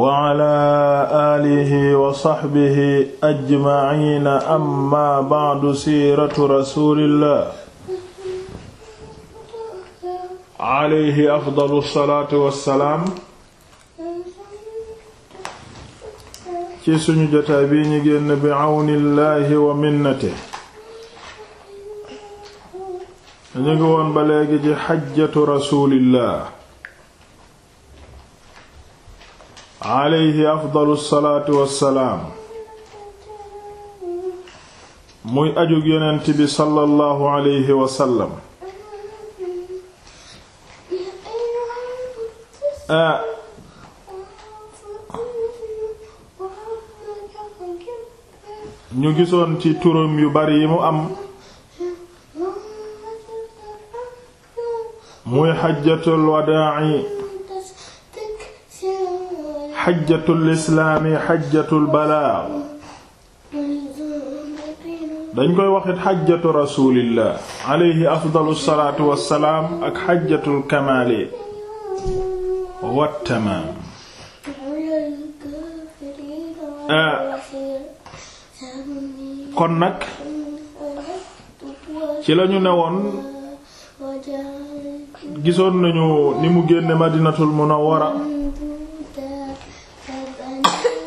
wa ala alihi wa sahbihi ajmaciina amma bacdu siiratu rasulillah alayhi afdalu ci suñu jotaay bi ñu génn bi awnillahi wa minnate ñu ngi woon ba léegi ci xajjatu rasulillah alayhi afdalu muy ajug yonent bi sallallahu alayhi ah. ñu gisoon ci turam yu bari yi mu am muy xajjatul wadaa'i xajjatul islaami xajjatul balaa dañ koy waxit xajjatu rasulillah alayhi afdalu salaatu wassalaam ak xajjatul kamaali wattamaam ah. kon nag ci lañu woon gisoon nañu ni mu génne madinatul munawwara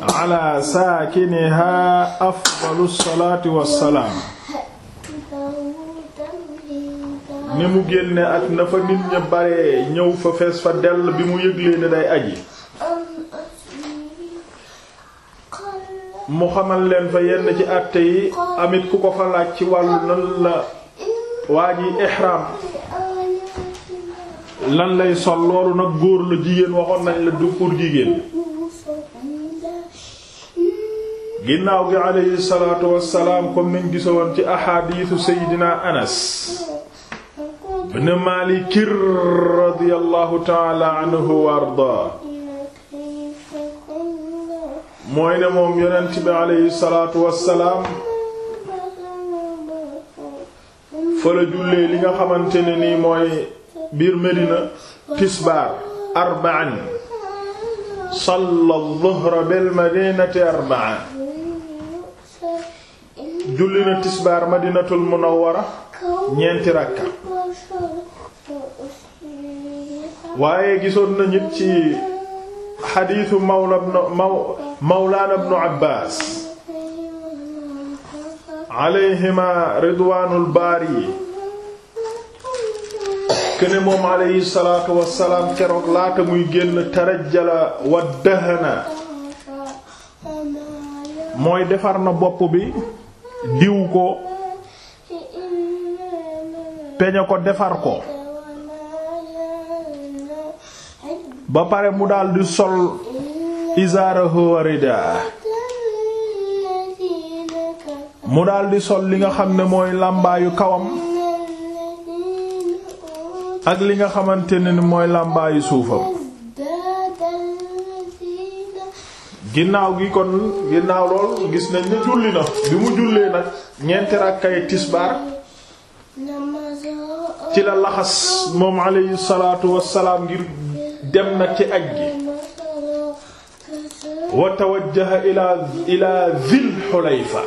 ala saakiniha afdalu salaati wassalaam ni mu génne ak na fa ñëw fa fees fa dell bi mu yëglee ne day mu xamal leen fa yenn ci atte yi amit ku ko fa ci wàllu nan la waa ji ihraam lan lay sol loolu nag góor la jigéen waxoon nañ la du pour jigéen ginnaaw gi aleyhi salaatu wassalaam comme niñ gisoon ci ahadiisu seydina anas ibn maalikir radiyallahu taala anhu wa ardaa mooy ne moom yonent bi aleyhi salaatu wassalaam fa la jullee li nga xamante ne nii mooy biir Medina tisbaar julli na tisbaar madinatul munawwara ñeenti rakka waaye gisoon na ñit ci xadiisu mawla mawlaana ibnu abbaas alayhima ridwaanul baari kene moom alayhi salaatu wassalaam keroog laata muy génn tarajjala wa dahana mooy defar na bopp bi diw ko peñe ko defar ko ba pare mu daldi sol isaara hawarida mu daldi sol li nga xam ne mooy làmbaayu kawam ak li nga xamante ne ni mooy làmbaayu suufam ginnaaw gi kon ginnaaw lool gis nañ ne julli na bi mu jullee nag ñeenti rakkay tisbaar ci la laxas moom alayhi salaatu wassalaam ngir dem na ci aj gi wa tawajjaha ilaa ilaa Zil Xulayfa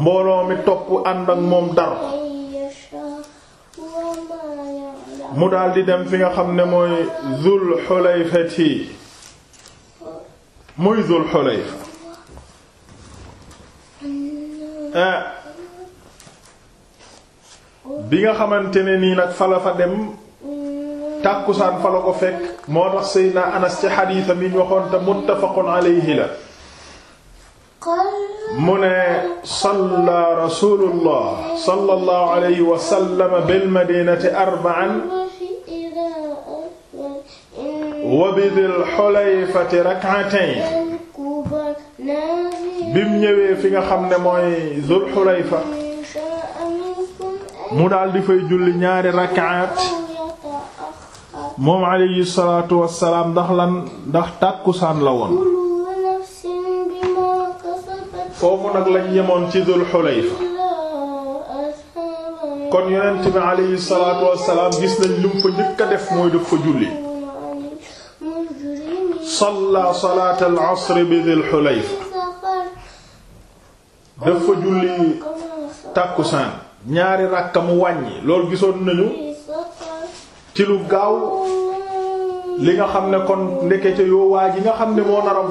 mbooloo mi topp ànd ak moom dar mu daldi dem fi nga xam ne mooy Zul Xulayfati muy Dul Xulayfa eh, bi nga xamante ne nii nag fa fa dem tàkkusaan fa la ko fekk moo tax Seydina Anas ci xadiisa mi ñu waxoon te muttafaqun la mu ne salla rasulullah sallallahu alayhi wa sallam bil madinati arba'an wa bi Dil Xulayfati rak'atayn bim ñëwee fi nga xam ne mooy Zul Xulayfa mu daal di fay julli ñaari rak'at moom alayhi salaatu wassalaam ndax lan ndax tàkkusaan la woon foofu nag lañ yemoon ci Dul Xulayfa kon yonent bi alayhi gis nañ lu mu a def mooy def fa julli salla salaat al asr bi Dil Xulayfa dafa julli tàkkusaan ñaari ràkka mu wàññi lool gisoon nañu ci lu gaaw li nga xam ne kon ndekete yoo waa ji nga xam ne moo nar a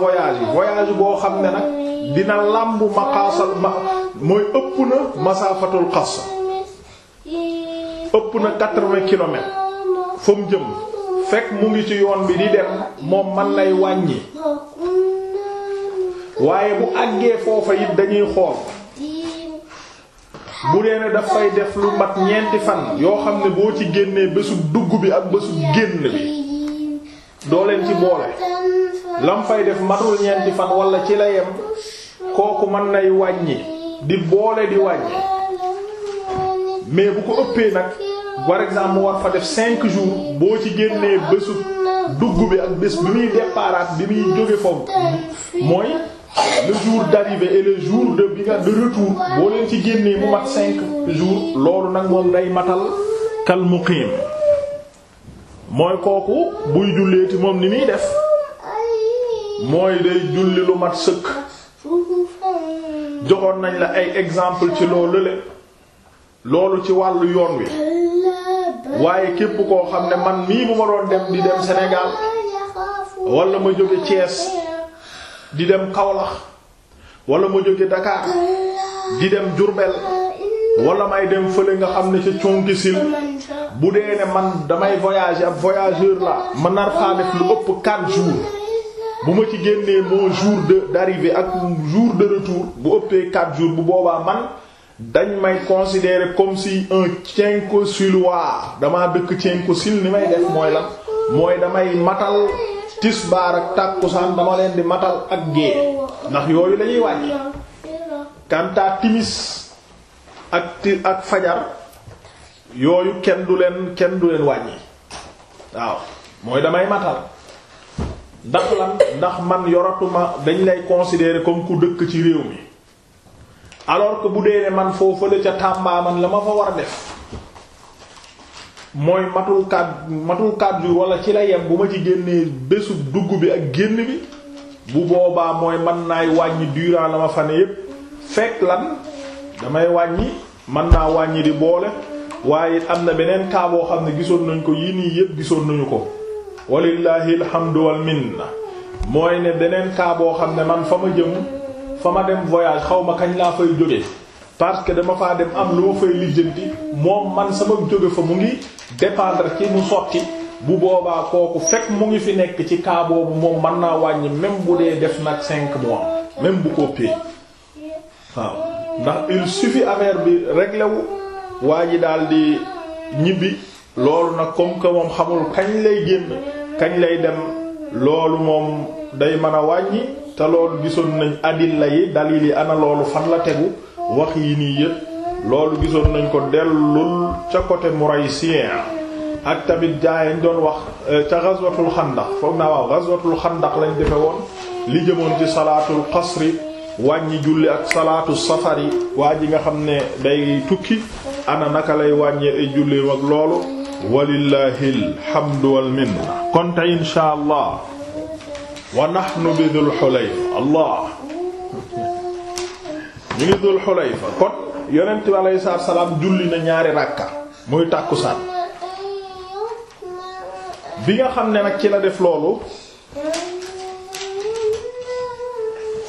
voyage boo xam ne nag dina làmb maqaasal mooy ëpp na masaafatul qasr ëpp na quatre-vingts kilomètres fa fekk mu ngi ci yoon bi di dem moom man lay wàññi waaye bu àggee foofa it dañuy xool bu dee ne dafay def lu mat ñeenti fan yoo xam ne boo ci génnee bésu dugg bi ak bésu génn bi doo leen ci boole lam fay def matul ñeenti fan wala ci la yem kooku mën lay wàññi di boole di wàññi mais bu ko ëppee nag par exemple mu war fa def cinq jour boo ci génnee bésu dugg bi ak bés bi muy départ bi muy jóge foofu mooy le jour d'arrivée et le de bi nga de retour boo leen ci génnee mu mat cinq jours loolu nag moo day matal kal mooy kooku buy julleeti moom ni muy def mooy day julli lu mat sëkk joxoon nañ la ay exemple ci loolu le loolu ci wàllu yoon wi waaye képp koo xam ne man mii bu ma doon dem di dem Sénégal wala ma jóge Thiès di dem Kaolack wala ma jóge Dakar di dem Diourbel wala may dem fële nga xam ne ca conki sil bu dee ne man damay voyager ab voyageur la ma nar faa lu ëpp 4 jours bu ma ci génnee moo jour de d'arrivée ak jour de bu ëppee 4 jours bu boobaa man dañ may considérer comme si un cinquesulois damaa dëkk cinquesul ni may def mooy lan mooy damay matal tisbaar ak tàkkusaan dama leen di matal ak gée ndax yooyu la ñuy wàññi kantaa timis ak ti ak fajar yooyu kenn du leen kenn du leen wàññi waaw mooy damay matal ndax lan ndax man yoratuma dañ lay consider comme ku dëkk ci réew mi alors que bu dee ne man foofu la ca Tamba la ma fa war a def mooy matul quatre matul quatre jours wala ci la yem bu ma ci génnee bésu dugg bi ak génn bi bu boobaa mooy man naay wàññi durant la ma fa ne yépp fekk lan damay wàññi man naa wàññi di boole waaye it am na beneen cas boo xam ne gisoon nañ ko yii nii yépp gisoon nañu ko walillahi alhamdu wal minna mooy ne beneen cas boo xam ne man fa ma jëm fa ma dem voyage xaw ma kañ laa fay jóge parce que dama faa dem am lu ma fay lijjanti moom man sama jóge fa mu ngi dépendre ci mu sotti bu boobaa kooku fekk mu ngi fi nekk ci cas boobu moom mën naa wàññi même bu dee def nag cinq mois même bu ëppee waaw ndax il suffit affaire bi réglé wu waa ji daal di ñibbi loolu nag comme xamul kañ lay génn kañ lay dem loolu moom day mën a wàññi. te loolu gisoon nañ adilla yi dalil yi ana loolu fan la tegu wax yi nii yépp loolu gisoon nañ ko dellul ca côté Muraysiya ak tamit jaayañ doon wax euh, ca ghazwatul xandaq foog naa waaw ghazwatul xandaq lañ defe woon li jëmoon ci salaatul qasri wàññi julli ak salaatu safari waa ji nga xam ne day tukki ana naka lay wàññee ay julli ak loolu walillahi alhamdu wal kon tey insha allah wa nahnu bi Dul Xulayfa allah ñu ngi Dul Xulayfa kon yonent bi alayhi salaam julli na ñaari ràkka muy tàkkusaan bi nga xam ne nag ci la def loolu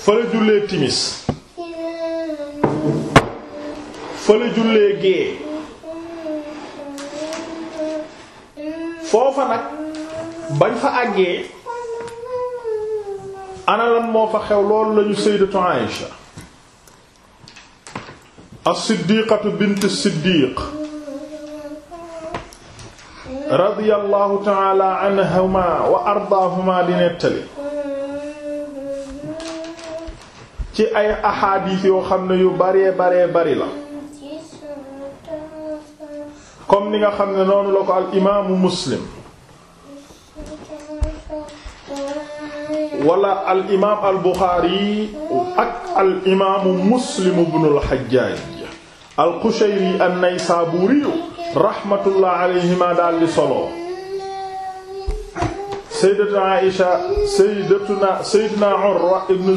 fa la jullee timis fa la jullee gée foofa nag bañ fa àggee ana lan moo fa xew loolu lañu sayyidatu Aïsha as-siddiqatu bint as-siddiq ta'ala anhuma wa ardaahuma di nettali ci ay ahadith yoo xam ne yu baree baree bari la comme ni nga xam ne noonu la ko al imaamu muslim wala al imaam ak al muslim ibnu al xajjaaj al qushayri rahmatullah alayhima daal di solo. sayyidatuna Aïcha sayyidatuna sayyidina Urwa ibnu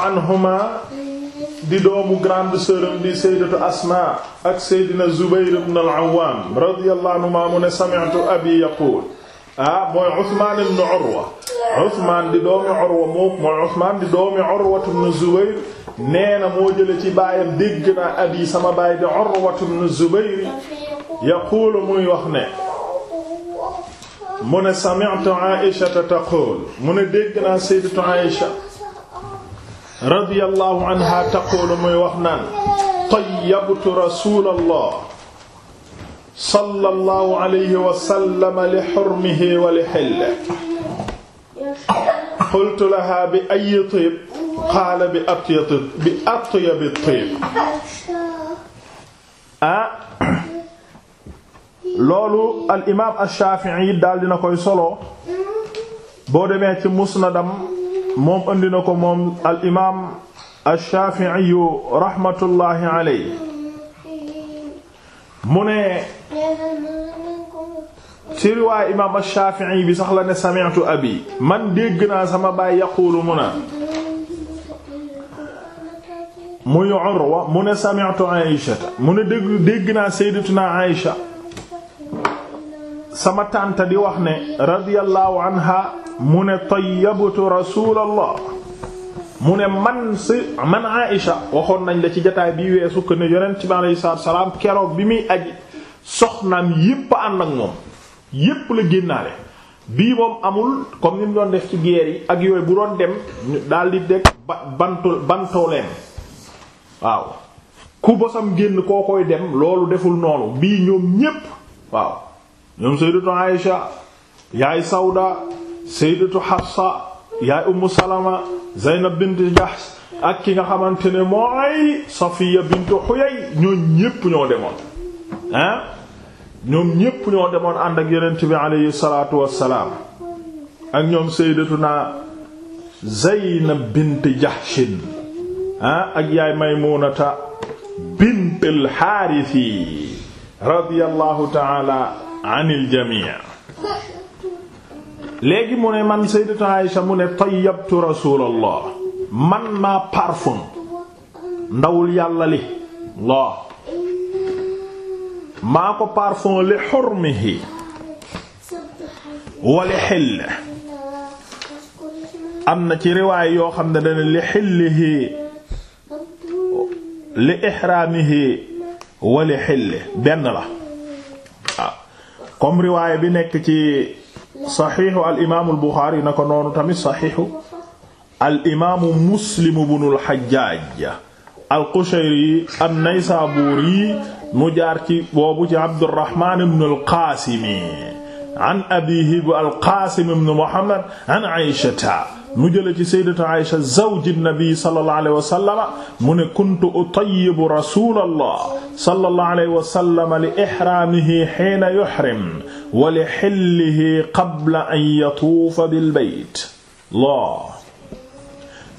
anhuma di doomu grande sœuram di sayyidatu Asma ak sayyidina Zubayr ibn al-Awwam anhuma mu ne abi yaqul ah mooy Usmaan ibn Urwa Usmaan di doomi Urwa moom mooy Usmaan di doomi Urwa ibn Zubayr nee na moo jële ci baayam dégg naa abi sama baay di Urwa ibn Zubayr yaquulu muy wax ne mu ne sami'tu Aïsha taqul mu ne dégg naa sayyidatu Aïsha radiyallahu anha taqulu muy wax naan tayyabtu rasulallah sallallahu alayhi wa sallam li hurmihi wa li hillihi qultu laha bi ayyi tib qaala bi atyab bi atyab tib ah loolu al imaam ash-Shafi'i daal dina koy solo boo demee ci musnadam moom andi na ko moom al imaam ash-Shafi'i rahmatullahi alayhi mu ne ci riwaay imaam Shaafi'i bi saxla ne sami'tu abi man dégg sama baay yaqulu mu na muy Urwa mu ne sami'tu Aïsha mu ne dégg dégg naa sayyidatuna Aïsha sama tànta di wax ne radiyallahu anha mu ne tayyabtu rasulallah mu ne man si man waxoon nañ la ci jotaay bi weesu ko ne yonent bi alayhi salaam keroog bi muy aji soxnaam yépp ànd ak moom yépp la génnaale bii moom amul comme ni mu doon def ci guerre ak yooyu bu doon dem daal di deg ba waaw ku bosam génn koo koy dem loolu deful noonu bii ñoom ñépp waaw ñoom sayyidatu Aïsha yaay Sawda sayyidatu Hafsa yaay Ummu Salama Zaynab bint Jahsh ak ki nga xamante ne mooy Safiya bint Huyay ñoo ñépp ñoo demoon ñoom ñépp ñoo demoon ànd ak yonent bi aleyhi salaatu wassalaam ak ñoom sayyidatuna Zaynab bint Jahshin ak yaay Maymunata bint al-Haarisi radiyallahu ta'ala anil jamii léegi mu ne man sayyidatu Aisha mu ne tayyabtu rasuulallah man maa parfum ndawul yàlla li maa ko parfum li hurmihi wa li hill am na ci riwaay yoo xam ne dana li hillihi li ihraamihi wa li hill benn la ah. comme riwaay bi nekk ci saxiixu al imaamu al Buxaari na ko noonu tamit saxiixu al imaamu Muslim ibnul Hajjaaj al Qushayri an-Naysaabuuri mu jaar ci boobu ci Abdurrahman ibn al-Qasimi an abihi bu al-Qasim ibn Muhammad an Aysata mu jële ci sayyidatu Aysha zawj an-nabi sallallahu alayhi wa sallam mu ne kuntu utayyibu rasulallah sallallahu alayhi wa sallam li ihramihi hina yuhrim wa li hillihi qabla an yatuufa bil bayt Allah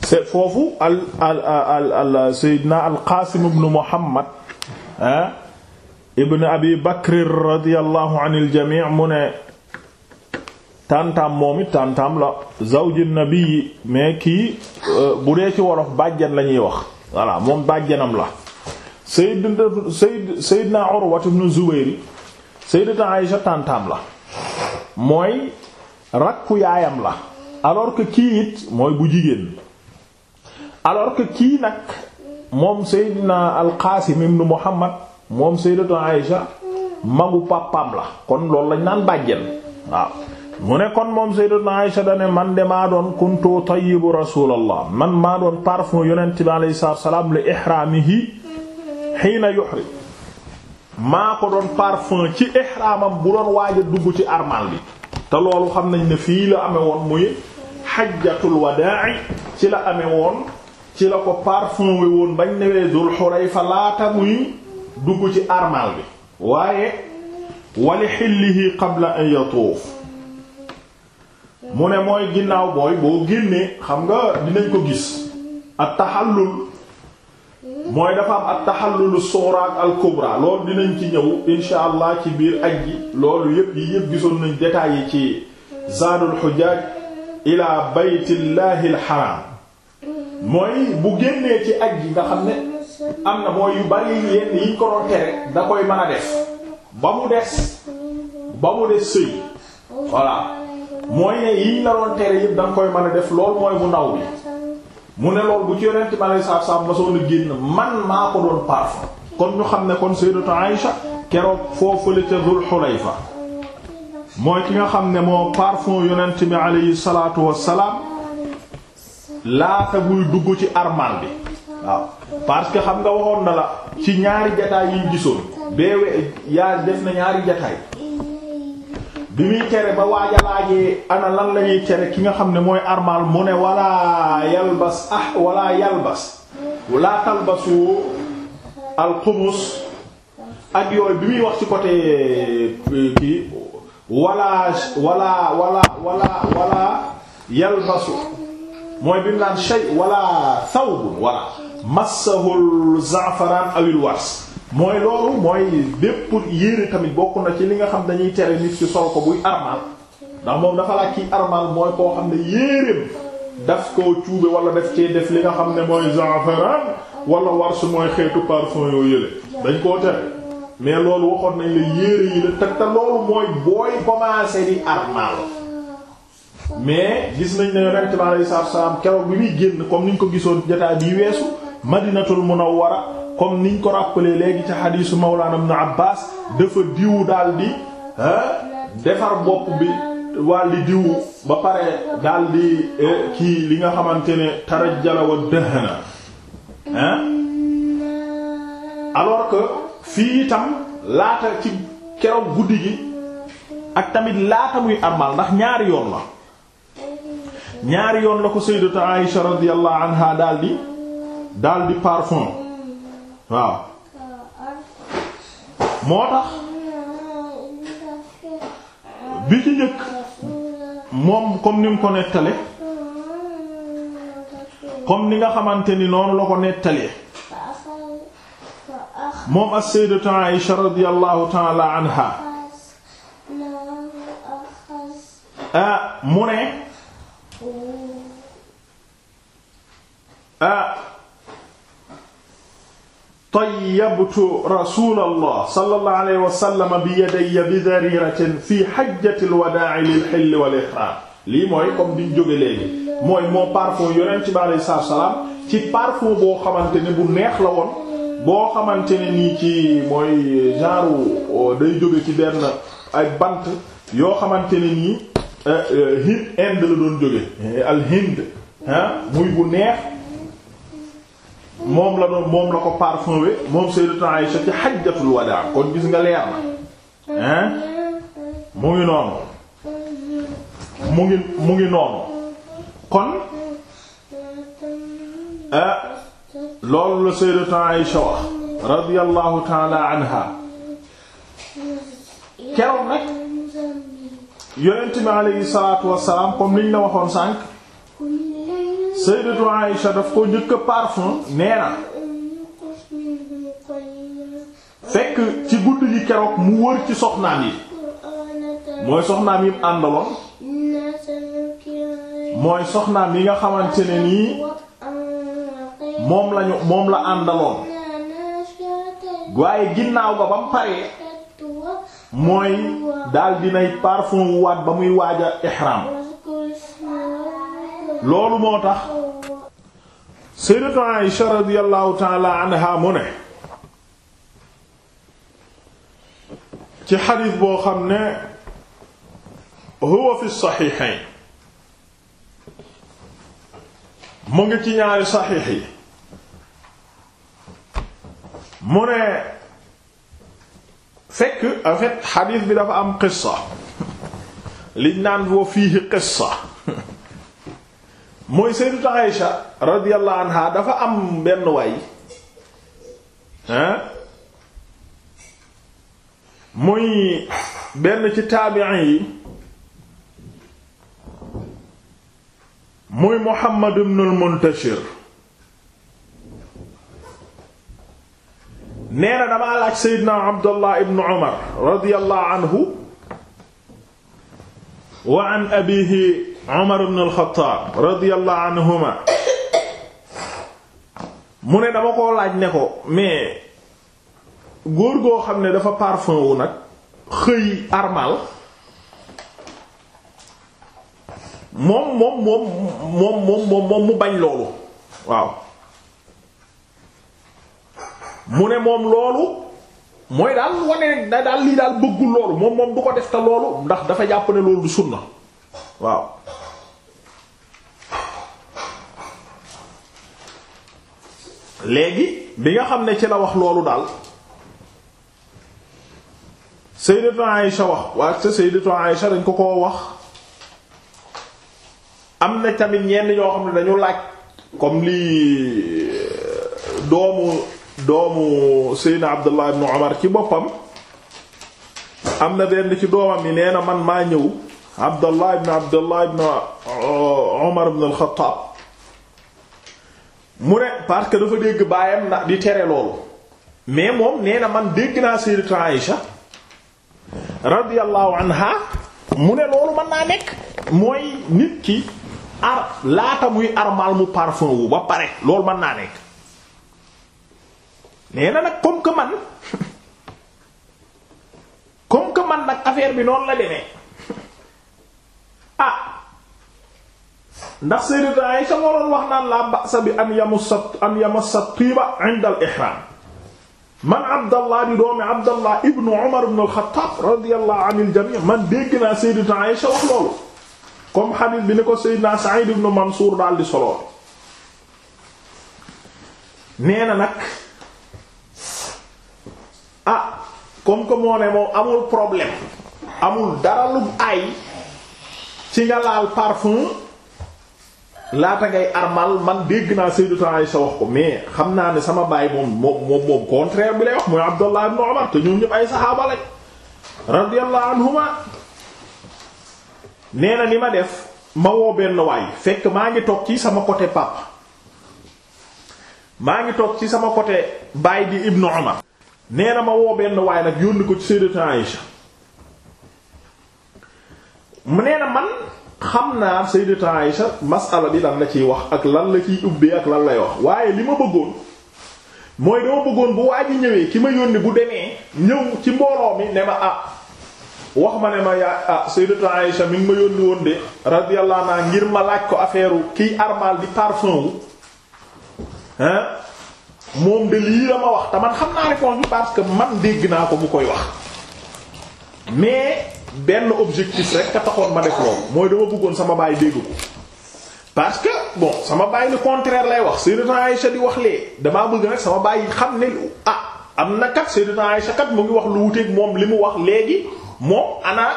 c'est foofu al al al al sayyidina al-Qasim ibn Muhammad ah ibn abi bakr radiyallahu anil jamii mu ne tàntaam moom it tàntaam la zawji nabi mais kii euh, bu dee ci wolof bàjjan lañuy wax voilà moom bàjjanam la sayyid sayyid sayyidna urwa ibn tàntaam la mooy rakku yaayam la alors que kii it mooy bu jigéen alors kii nag moom sayyidna al qasim ibn muhammad moom sayyidatu Aïsha magu pàppaam la kon loolu lañ naan bàjjen waaw mu ne kon moom sayyidatu Aïsha dane man de maa doon kuntu tayyibu rasulallah man maa doon parfum yonent bi alayhi salaam li ihraamihi hiina yuhrim maa ko doon parfum ci ihraamam bu doon waaj dugg ci armal bi te loolu xam nañ ne fii la amee woon muy xajjatul wadaa ci la amee woon ci la ko parfum woon bañ newee Dul Xulayfa laata muy dugg ci armal bi waaye wali xillihi qabla an yatuuf mu ne mooy ginnaaw booy boo génnee xam nga dinañ ko gis at taxallul mooy dafa am at taxallulu sughra ak loolu dinañ ci ñëw insha ci biir aj ji loolu yépp yi yépp gisoon nañ détails yi ci zaadul xujaaj ila baytillahi al xaraam mooy bu génnee ci aj ji nga xam ne am na mooy yu bari yi yiñ ko doon tere da koy mën a def ba mu des ba mu des sëy voilà mooy ne yiñ la doon tere yëpp da koy mën a def lool mooy bu ndaw bi mu ne lool bu ci yonent bi alei satu salaam masoon a génn man maa ko doon parfum kon ñu xam ne kon sayyidatu Aïsha keroog foofule ca Dul Xulayfa mooy ki nga xam ne moo parfum yonent bi aleyhi salaatu wassalaam laata buy dugg ci armal bi waaw parce que xam nga waxoon na la ci ñaari jataay yi gisoon beewe yaa def na ñaari jataay bi muy tere ba waaja laajee ana lan la tere ki nga xam ne mooy armal mu ne wala yalbas ah wala yalbas laa talbasu alxumus ak yooyu bi muy wax ci côté euh, kii wala wala wala wala wala yalbasu mooy bi mu naan shay wala sawbun wala massahul za'faran awil wars mooy loolu mooy bépp yére tamit bokk na ci li nga xam dañuy tere nit ci sol ko buy armal ndax moom dafa laa kii armal mooy koo xam ne yéreem daf koo cuube wala daf cee def li nga xam ne mooy za'faran wala wars mooy xeetu parfum yoo yële dañ koo tere mais loolu waxoon nañ la yére yi la te te loolu mooy booy commencé di armal mais gis nañ ne yonent bi alayhi salaam keroog bi muy génn comme niñ ko gisoon jotaay bi weesu madinatul munawwara comme niñ ko rappelé léegi ci xadiisu mawlaana ibn Abbaas dafa diwu daal di defar bopp bi wàl di diwu ba pare daal di eh, kii li nga xamante ne tarajjala wa dëhëna ah alors que fii itam laata ci keroog guddi gi ak tamit laata muy armal ndax ñaari yoon la ñaari yoon la ko sayyidatu Aisha radiyallahu anha daal daal di parfum waaw moo tax bi ci njëkk moom comme ni mu ko nettale comme ni nga xamante ni noonu la ko nettalee moom as-sayyidatu Aisha radiyallahu ta'ala anha ah mu ne ah tayyabtu rasulallah sallallahu alayhi wa sallam bi yadayya bi dariratin fi hajjatil wadaa'i lil hill wal ihraam lii mooy comme biñ jóge léegi mooy moo parfum yonent bi alayhi salaatu ci parfum boo xamante ne bu neex la woon boo xamante ne nii ci mooy genre euh, day jóge ci benn ay bant yoo xamante ne nii euh, euh, hind Inde la doon jóge al hind muy bu neex. moom la doon moom la ko parfumé moom Sayyidatu Aïsha ci xajjatul wadaa kon gis nga leer na hein mu ngi noonu mu ngi mu ngi noonu kon eh, loolu la Sayyidatu Aïsha wax radiyallahu taala anha keroog nag yonent bi aleyhi salaatu wassalaam comme niñ la waxoon sànq sayyidatu Aïsha daf ko njëkk a parfum nee na fekk ci guddi gi keroog mu wër ci soxnaam yi mooy soxnaam yi mu àndaloon mooy soxnaam nga xamante ne nii moom lañu moom la àndaloon waaye ginnaaw ga ba mu paree mooy daal dinay parfum waat ba muy waaja ihram loolu moo tax sayyidatu Aisha radiyallahu ta'ala anha mu ne ci xadiis boo xam ne huwa fi saxiixayn mu ngi ci ñaari saxiix yi mu ne fekk en fait xadiis bi dafa am qissa li naan wa fiihi qissa mooy Sayyidatu Aïsha radiyallahu anha dafa am benn waay hein muy benn ci taabi'in yi muy Muhammad ibn al-Muntashir nee na damaa laaj Seydina Abdullah ibn Umar radiyallahu anhu wa an abiihi Umar ibn al-Khattab radiyallahu anhuma mu ne dama koo laaj ne ko mais góor goo xam ne dafa parfum wu nag xëy armal moom moom moom moom moom mu bañ loolu waaw mu ne moom loolu mooy daal wane da daal lii daal bëggul loolu moom moom du ko def te loolu ndax dafa jàpp ne loolu du sunna waaw léegi bi nga xam ne ci la wax loolu daal sayyidatu Aïsha wax waaye sa sayyidatu Aïsha dañ ko koo wax am na tamit ñenn ñoo xam ne dañu laaj comme lii euh, doomu doomu Seydina Abdullah ibn Umar ci boppam am na benn ci doomam yi nee na man maa ñëw Abdallah ibn Abdallah ibn uh, Omar ibn al-Khattab mu ne parce dafa dégg baayam na di tere loolu mais moom nee na man dégg naa Sayyidatu Aïsha radiyallahu anha mu ne loolu mën naa nekk mooy nit ki ar laata muy armal mu parfum wu ba pare loolu man naa nekk nee na nag comme que man comme que man nag affaire bi noonu la demee. ndax sayyidat Aisha moo doon wax naan la ba'sa bi an yamassa an yamassa tiba 'inda man Abdallah di doomi Abdallah ibnu Umar ibn al-Khattab radiyallahu anil wax loolu comme hadith bi ni ko sayyidna Sa'id ibn Mansur daal di solo nee na ah comme que moo ne moom amul problème amul dara lu ay ci nga laal parfum laata ngay armal man dégg naa Sayyidatu Aisha wax ko mais xam naa ne sama baay moom moom moom moom contraire bi lay wax mooy Abdallah ibn Umar te ñoom ñëpp ay saxaaba radiyallahu anhuma nee ni ma def ma woo benn waay fekk maa ngi toog ci sama côté papa maa ngi toog ci sama côté baay di Ibn Umar nee na ma woo benn waay nag yónni ko ci Sayyidatu Aisha nee na man xam naa Sayyidatu Aïsha masala bi lan la ciy wax ak lan la ciy ubbee ak lan lay wax waaye li ma bëggoon mooy dama bëggoon bu waa ji ñëwee ki ma yónni bu demee ñëw ci mbooloo mi ne ma ah wax ma ne ma yaa ah Sayyidatu Aïsha mi ngi ma yónni woon de radiyallahu anha ngir ma laaj ko affaire kiy armal di parfum wu hein moom de lii la wax te man xam naa réponse bi parce que man dégg naa ko bu koy wax mais. benn objectif rek ka taxoon ma def loolu mooy dama bëggoon sama baay dégg ko parce que bon sama baay le contraire lay wax Sayyidatuna Aïcha di wax lee damaa bëgg nag sama baay xam ne ah am na kat Sayyidatuna Aïcha kat mu ngi wax lu wuteeg moom li mu wax léegi moom ana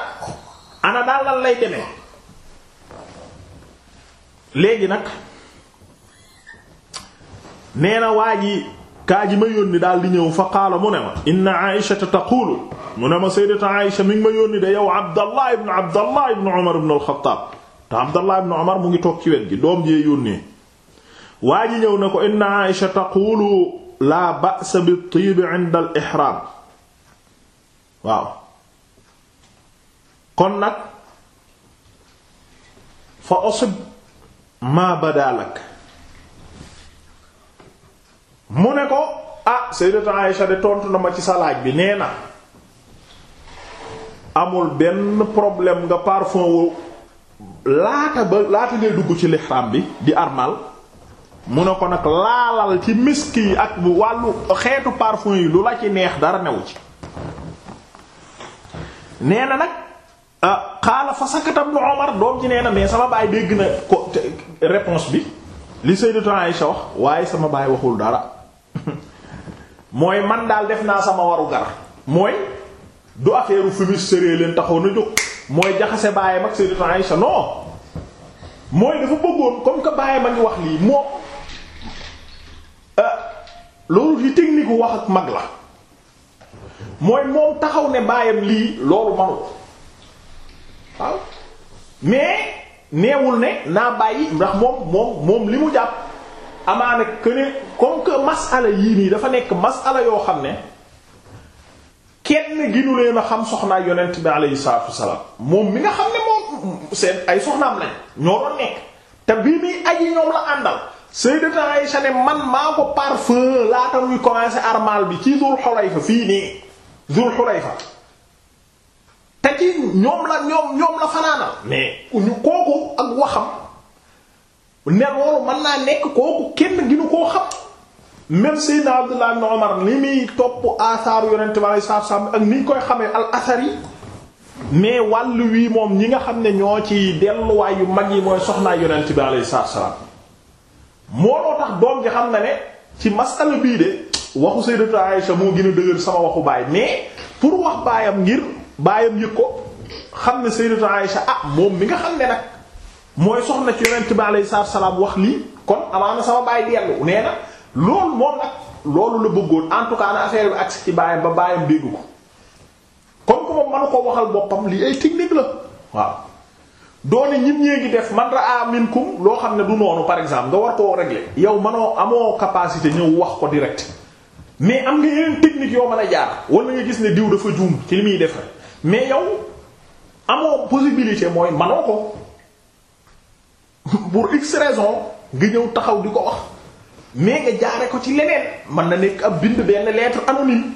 ana daal lan lay demee léegi nag nee na waa ji kaa ji ma yónni daal di ñëw fa qaala mu ne ma inna aishata taqulu mu ne ma sayyidatu aisha mi ma yónni de yow abdallah ibn abdallah ibn umar ibn al-khattab te abdallah ibn mu ngi toog ci wet gi doom jee yónnee waa ji ñëw ne ko inna aisha taqulu la ba'sa bit-tib 'inda al kon nag fa asib ma badalak mu ne ko ah sayyidatu Aisha de tontu na ma ci sa laaj bi nee na amul benn problème nga parfum wu laata ba laata ngay dugg ci lixraam bi di armal mu ne ko nag laalal ci misk yi ak bu wàllu xeetu parfum yi lu la ci neex dara new ci nee na nag xaala ah, fa sakata Ibn Umar doom ci nee na mais sama baay dégg na ko réponse bi li sayyidatu Aisha wax waaye sama baay waxul dara mooy man daal def naa sama waru gar mooy du affaire fumis sëree leen taxaw na jóg mooy jaxase baayam ak Sayyidatu Aïsha non mooy dafa bëggoon comme que baayam a ngi wax lii moom euh, loolu li technique wax ak mag la mooy moom taxaw ne baayam lii loolu manu ko waaw mais neewul ne naa bàyyi ndax moom moom moom li mu jàpp amaana que ne comme que masala yii nii dafa nekk masala yoo xam ne kenn ginu leen a xam soxnaa yonent bi alayhi salaatu wasalaam moom mi nga xam ne moom seen ay soxnaam lañ ñoo doon nekk te bii muy aji ñoom la àndal Sayyidatu Aisha ne man maa ko parfum laata muy commencer armal bi ci Zul Hulayfa fii nii Zul Hulayfa te ci ñoom la ñoom ñoom la fanaanal mais kooku ak waxam ne loolu mën naa nekk kooku kenn ginu koo xam même Seydina Abdullah ibn Umar li muy topp asaaru yonente bi alei satu ak ni koy xamee al asar yi mais wàll wii moom ñi nga xam ne ñoo ci delluwaay yu mag yi mooy soxnaay yonent bi alayhi salaatu salaam moo loo tax xam na ne ci masala bii de waxu sayyidatu Aisha moo mais pour baayam ngir baayam yëg ko xam ne sayyidatu Aisha ah moom mi nga xam ne nag mooy soxna ci yonent bi alayhi salaam wax lii kon amaana sama baay dellu nee loolu moom nag loolu la bëggoon en tout cas na affaire bi agsi ci baayam ba baayam dégg ko comme que moom mënu ko waxal boppam lii ay technique la waaw doone ñim ñee ngi def man raa minkum loo xam ne du noonu par exemple nga war koo régler yow manoo amoo capacité ñëw wax ko direct mais am nga yeneen technique yow man a jaar wala nga gis ne diw dafa juum ci li muy def mais yow amoo possibilité mooy manoo pour x raison nga ñëw taxaw di ko wax mais nga jaare ko ci leneen mën na nekk ab bind benn lettre anonyme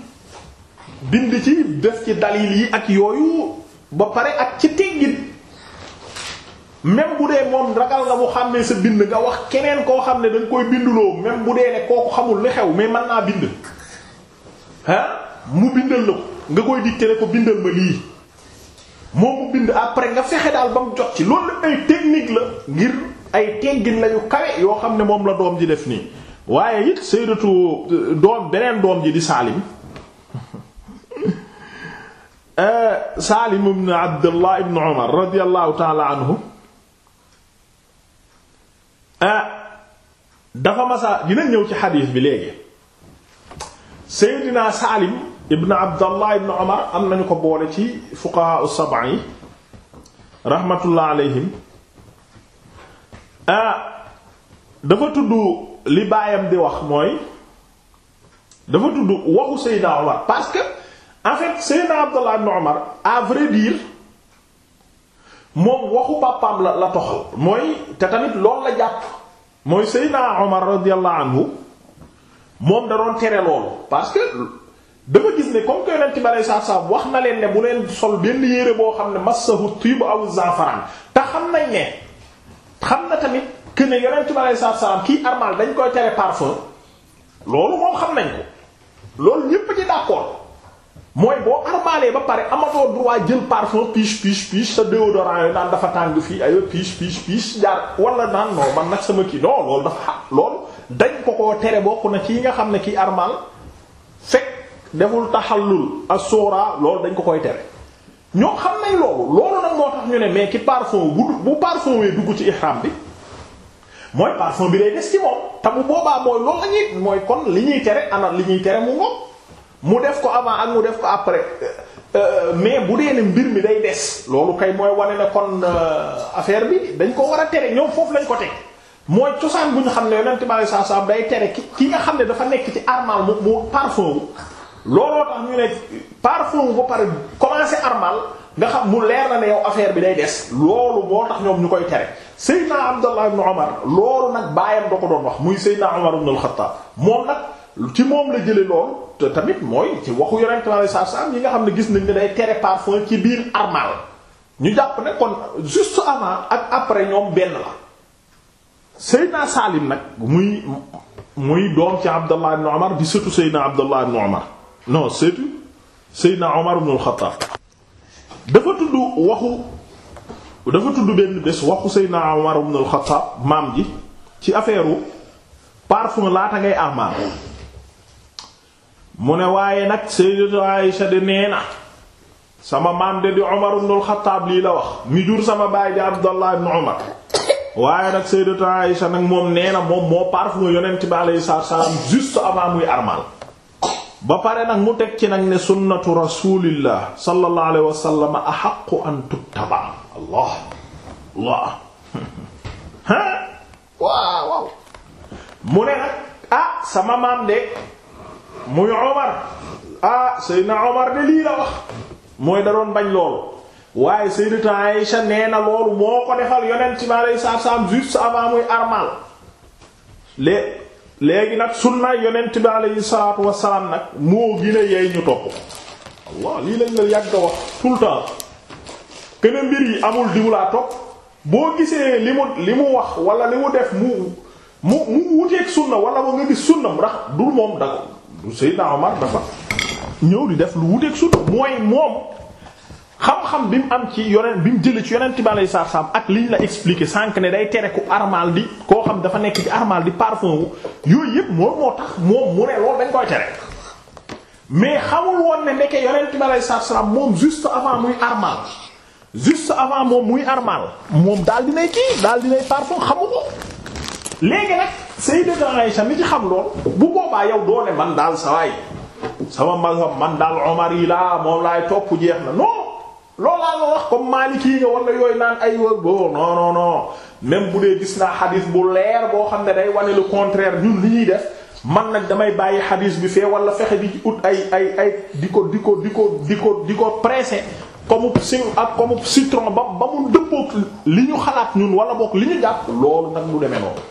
bind ci def ci dalil yi ak yooyu ba pare ak ci teggin même bu dee moom ragal nga mu xam ne sa bind nga wax keneen koo xam ne da koy binduloo même bu dee ne kooku xamul li xew mais man naa bind mu bindal la ko nga koy dicter ko bindal ma lii moom mu bind après nga fexe daal ba mu jot ci loolu ay technique la ngir ay teggin la yu yoo xam ne moom la doom ji def nii waaye it sayyidatu euh, doom beneen doom ji di Saalim euh, Saalim ibn Abdullah ibn Umar radiyallahu ta'ala anhu euh, dafa masaa dina ñëw ci xadiis bi léegi Seydina Saalim ibn abdallah ibn omar am nañu ko boole ci fuqaha as-sab'a yi rahmatullah alayhim ah, dafa tudd li baayam di wax mooy dafa tudd waxu Seydina Omar parce que en fait Seydina Abdallah ibn Omar à vrai moom waxu pàppaam la la toxal mooy te tamit loolu la jàpp mooy Seydina Omar radiyallahu anhu moom da doon tere loolu parce dafa gis ne comme que yonent bi aleyhi saab wax na leen ne bu leen sol benn yére boo xam ne massahu tiib aw zafaran te xam nañ ne xam na tamit que ne yonent bi aleyhi salaatu salaam kii armal dañ koy tere parfum loolu moom xam nañ ko loolu ñépp ci d'accord mooy boo armalee ba pare amatoo droit jël parfum piche piche piche sa déodorant yooyu naan dafa tàng fii ay piche piche piche jaar wala naan non man nag sama kii non loolu dafa loolu dañ ko koo tere bokk na ci yi nga xam ne kii armal deful taxallul as-suura loolu dañ ko koy tere ñoom xam nañ loolu loolu nag moo tax ñu ne mais ki parfum bu bu parfum wee dugg ci ihram bi mooy parfum bi day des ci moom te bu boobaa mooy loolu la mooy kon li ñuy tere ana li ñuy tere mu ngoog mu def ko avant ak mu def ko après euh, euh, mais bu dee ne mbir mi day des loolu kay mooy wane ne kon euh, affaire bi dañ ko war a tere ñoom foofu lañ ko teg mooy cosaan bu ñu xam ne yonent bi sallallahu alayhi wasallam day tere ki ki xam ne dafa nekk ci armal mu mu parfum looloo tax ñu ne parfum ba pare commencé armal nga xam mu leer na ne yow affaire bi day des loolu moo tax ñoom ñu koy tere Seydina Abdallah ibn Omar loolu nag baayam da ko doon wax muy Seydina Omar ibn al-Khattab ci moom la jële loolu tamit mooy ci waxu Yonent yi nga xam ne gis nañ ne day tere parfum ci biir armal ñu jàpp ne kon juste avant ak après ñoom benn la Seydina Salim nag muy muy doom ci Abdallah ibn Omar di sëtu Seydina Abdallah ibn Omar non seetu Seydina Omar ibn al dafa tudd waxu dafa tudd benn bés waxu Seydina Omar ibn al maam ji ci affaire u parfum laata ngay amaar mu ne waaye nag Sayyidatu Aïsha de nee na sama maam de di Omar ibn al lii la wax mi jur sama baay di Abdallah ibn Omar waaye nag Sayyidatu Aïsha nag moom nee na moom moo parfum yonent bi alayhi salaam juste avant muy ba pare nag mu teg ci nag ne sunnatu rasulillah sallallahu alayhi wa sallam ahaqqu an tuttaba allah allah ha mu ne nag ah sama maam de muy Omar ah Seydina Omar de lii la wax mooy da doon bañ loolu waaye Sayyidatu Aïsha nee na loolu moo avant muy armal le léegi nag sunnaay yonent bi alayhi salaatu wassalaam nag moo gën a yey ñu topp Allah lii lañ la yàgg a wax tout le temps mbir yi amul diw laa topp boo gisee li mu li mu wax wala li mu def mu mu mu wuteeg sunna wala ba nga gis sunna ndax du moom da du Seydina Omar dafa ñëw di def lu wuteeg sunna mooy moom xam-xam bi mu am ci yonent bi mu jëlee ci yonent bi alayhi salaam ak liñ la expliqué sànq ne day tere ku armal di koo xam dafa nekk ci armal di parfum yooyu yëpp moom moo tax moom mu ne loolu dañ koy tere mais xamul woon ne ndeke yonent bi alayhi salaam moom juste avant muy armal juste avant moom moom daal dinay kii daal dinay parfum xamu ko léegi nag Sayyidatu Aisha mi ci xam lool bu boobaa yow doo ne man daal sawaay sama mazhab man daal Omar yi moom laay topp jeex na loolaa nga wax comme Maliki nga wala yooyu naan ay bo non non non même bu dee gis naa xadis bu leer boo xam ne day wane lu contraire ñun li ñuy def man nag damay bàyyi xadis bi fee wala fexe bi di ut ay ay ay di ko di ko di ko di ko di ko pressé comme ak comme citron ba ba mu dëppook li ñu xalaat ñun wala boog li ñu jàpp loolu nag du demee noonu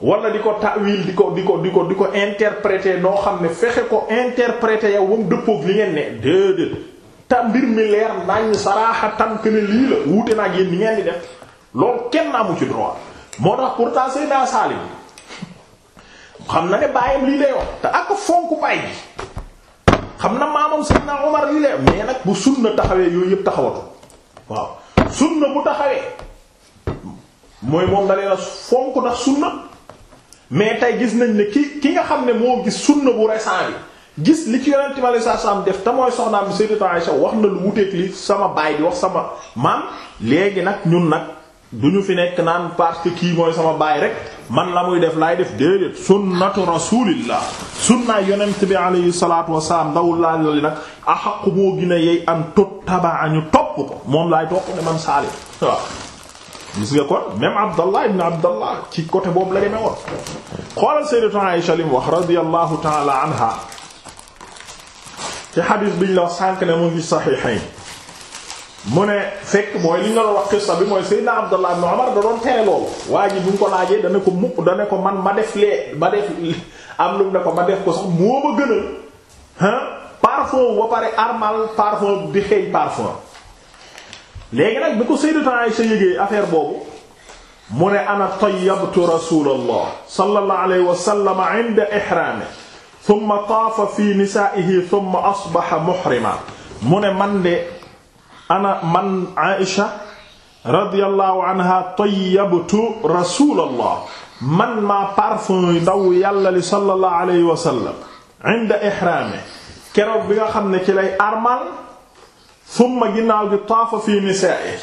wala di ko tawil di ko di ko di ko di ko interpréter noo xam ne fexe ko interpréter yow ba mu li ngeen te mbir mi leer nañ saraaxa tànk ne lii la wuute na ak yéen ni ngeen di def loolu kenn amu ci droit moo tax pourtant Seydina Salim xam na ne baayam lii lay wax te ak fonk baay bi xam na maamam Seydina Omar lii lay mais nag bu sunna taxawee yooyu yëpp taxawatu waaw sunna bu taxawee mooy moom da leen a fonk ndax sunna mais tey gis nañ ne ki ki nga xam ne moo gis sunna bu récent bi. gis li ci yonent bi alayhi salaam def te mooy soxnaam Sayyidatu Aisha wax na lu wuteek li sama baay di wax sama maam léegi nag ñun nag du ñu fi nekk naan parce que kii mooy sama baay rek man la muy def laay def déedéet sunnatu rasulillah sunna yonent bi alayhi salaatu wasalaam ndawul laa loolu nag axaqu moo gën a yey an tot tabaa ñu topp ko moom laay topp ne man saalim waaw gis nga kon même abdallah ibn abdallah ci côté boobu la demee woon xoolal sayyidatu Aisha lim wax radiyallahu ta'ala anha ci xadis biñ la wax sànk ne mu ngi saxiixayn mu ne fekk mooy li ñu doon wax xissa bi mooy Seydina Abdallah ibn Umar da doon tere loolu waa ji bu ñu ko laajee dana ko mukk dana ko man ma def lee ma def am lu ne ko ma def ko sax moo ma gënal ah parfum ba pare armal parfum di xeeñ parfum léegi nag bi ko Sayyidatu Aisha yëgee affaire boobu mu ne ana tayyabtu Rasulullah sallallahu alayhi wa sallam inda thumma taafa fi nisaa'ihi thumma asbaha muhrima mu ne man de ana man Aïsha radiyallahu anha tayyabtu rasulallah man maa parfum ndaw yàlla li sallallahu alayhi wa sallam inda ihraami keroog bi nga xam ne ci lay armal thumma ginnaaw gi taafa fi nisaa'ihi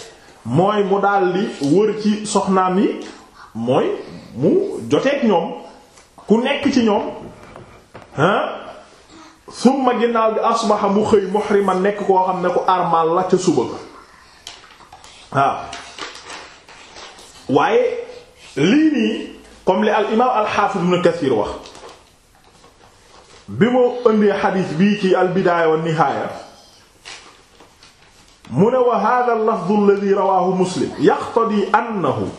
mooy mu daldi wër ci soxnaam yi mooy mu joteeg ñoom ku nekk ci ñoom summa ginnaaw bi asbaxa mu xëy muhriman nekk koo xam ne ku armal la ca suba ko waaw waaye lii nii comme li al imaam al xaafis ibn Kathir wax bi mu ëndee xadiis bii ci al bidaaya wa nihaaya mu ne wa hada al-lafz alladhi rawaahu muslim yaqtadi annahu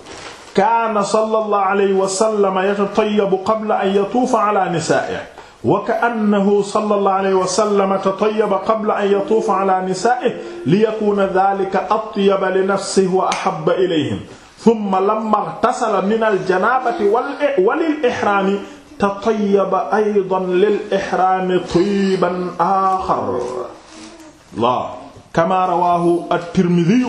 kaana sallallahu alayhi wa sallam yatatayyabu qabla an yatuufa ala nisaa'ihi wa kaannahu sallallahu alayhi wa sallam tatayyaba qabla an yatuufa ala nisaa'ihi liyakuuna dhaalika atyaba li nafsihi wa ahabba ilayhim thumma lamma ightasala min al-janaabati wa lil-ihraami tatayyaba aydan lil-ihraami tayyiban aakhar kamaa rawaahu at-Tirmidhi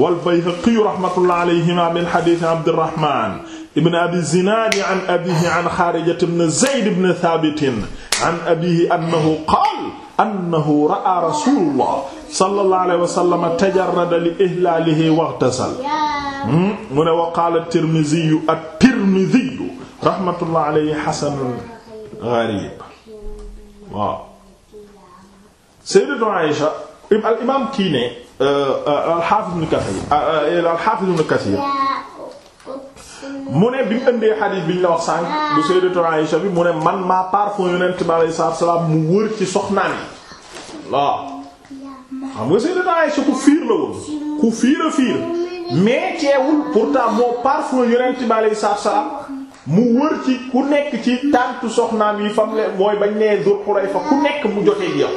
wal-Bayhaqi rahmatullahi alayhimaa min hadiith Abdirrahmaan ibn Abi Zinaad an abiihi an Xaarijata ibn Zayd ibn Thaabit an abiihi annahu qaala annahu ra'a rasuulullah sallallahu alayhi wa sallam tajarrada li ihlaalihi waghtasala hmm? mu ne wa qaala at-Tirmidhi at-Tirmidhi rahmatullahi alayhi hasanun gharib waaw Sayyidatu Aïsha al imaam kii ne euh, euh, al-Haafiz Ibn Kathir euh, al-Haafiz Ibn Kathir mu ne bi mu ëndee xadiis bi la wax sànq bu sayyidatu Aïsha bi mu ne man maa parfum yonent bi alayhi salaatu salaam mu wër ci soxnaan yi waaw xam nga sayyidatu Aïsha ku fiir la woon ku fiir a fiir mais teewul pourtant moo parfum yonent bi alayhi salaatu salaam mu wër ci ku nekk ci tàntu soxnaam yi fam le mooy bañ nee Dul Xulayfa ku nekk mu jotee yow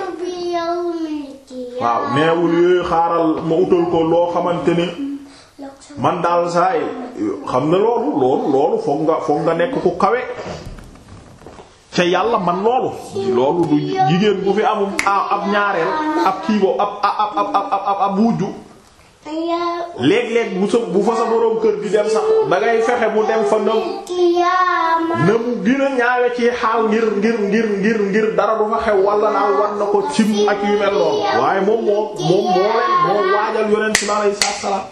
waaw neewul yooyu xaaral ma utal ko loo xamante ni man daal saa yi xam na loolu loolu loolu foog nga foog nga nekk ku kawe ca yàlla man loolu loolu du jigéen bu fi amum ab ñaareel ab kiibo ab ab ab ab ab wujju léeg-léeg bu sa bu fa sa boroom kër gi dem sax da fexe mu dem fa nam na mu gën a ñaawe ci xaal ngir ngir ngir ngir ngir dara du fa xew wala naa war na ko cim ak yu mel loolu waaye moom moo moom moo leen moo waajal yonent bi alayhi salaam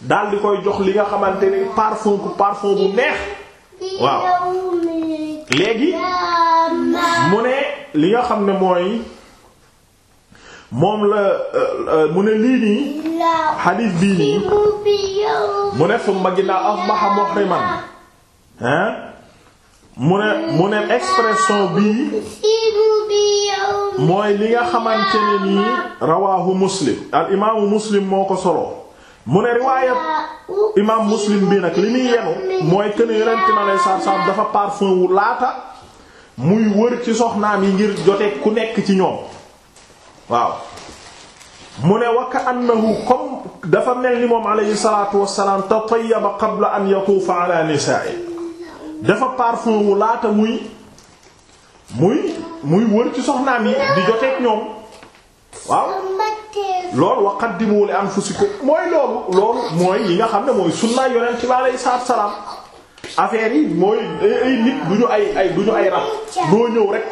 daal di koy jox li nga xamante ni parfum ku parfum bu neex waaw léegi mu ne li nga xam ne mooy moom la euh, euh, mu ne lii nii xadiis bii nii mu ne summa ginnaaw asbaha muhriman hein mu ne mu ne expression bii mooy li nga xamante ne nii rawaahu muslim al imaamu muslim moo ko solo mu ne riwaaya imaam muslim bi nag li muy yenu mooy kën yonenti ma lay saab saab dafa parfum wu laata muy wër ci soxnaam yi ngir jote ku nekk ci ñoom waaw mu ne wakka annahu comme dafa mel ni moom alayhi salaatu wassalaam tatayyaba qabla an yatuufa ala nisaa'i dafa parfum wu laata muy muy muy wër ci soxnaam yi di joteek ñoom waaw loolu wa qaddimu li anfusikum mooy loolu loolu mooy yi nga xam ne mooy sunna yonent bi alayhi salaatu salaam affaire yi mooy nit du ay ay du ñu ñëw rek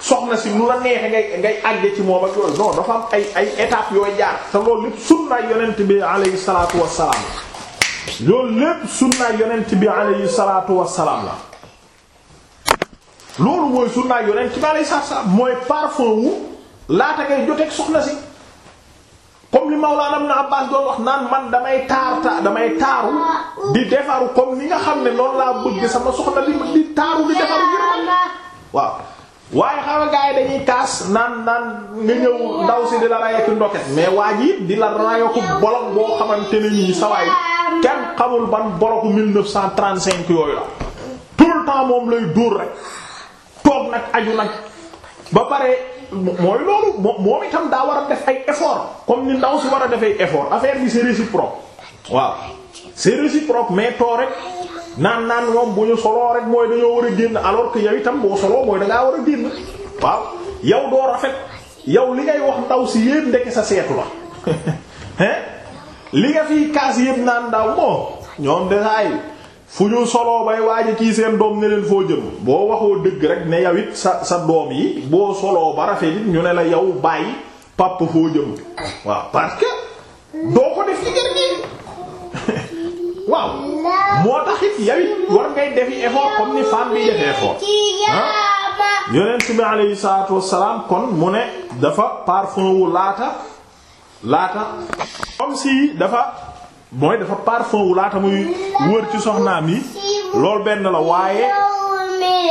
soxna si nu ngay àgg ci moom loolu dafa am ay ay étapes yooy jaar te loolu lépp sunna yonent bi alayhi salaatu wa salaam loolu lépp sunna salaam la loolu mooy sunna yonent bi alayhi salaatu wa salaam mooy parfum wu laata ngay joteeg soxna si. comme li Mawlaana Ibn Abbaas doon wax naan man damay taar damay taaru di defaru comme ni nga xam ne noonu laa bëgg sama soxna li di taaru di defaru jërë waaw waaye xam dañuy kaas naan naan nga ñëw ndaw si di la rayoku ndoket mais waa ji di la rayoku bolog boo xamante ne nii sawaay kenn xamul ban boroku 1935 yooyu la tout le temps moom lay dóor rek toog nag aju nag ba pare. mooy loolu moom itam daa war a def ay effort comme ni ndaw si war a def ay effort affaire bi c'est réciproque waaw c'est réciproque mais too rek naan naan moom bu ñu soloo rek mooy dañoo war a génn alors que yow itam boo soloo mooy da war a génn waaw yow doo rafet yow li ngay wax ndaw si yépp ndekki sa seetu la hein li nga fiy kaas yépp naan ndaw moom ñoom desa ay fu ñu soloo bay waaja kii seen doom ne foo jëm boo waxoo dëgg rek ne yow it sa sa doom yi boo soloo ba rafet it ñu ne la yow bàyyi pàpp foo jëm waaw parce que doo ko def ci gi waaw moo tax it yow it war ngay defi effort comme ni femme bi def effort ah yonent bi alayhi kon mu ne dafa parfum wu laata laata comme si dafa mooy dafa parfum wu laata muy wër ci soxnaam yi lool benn la waaye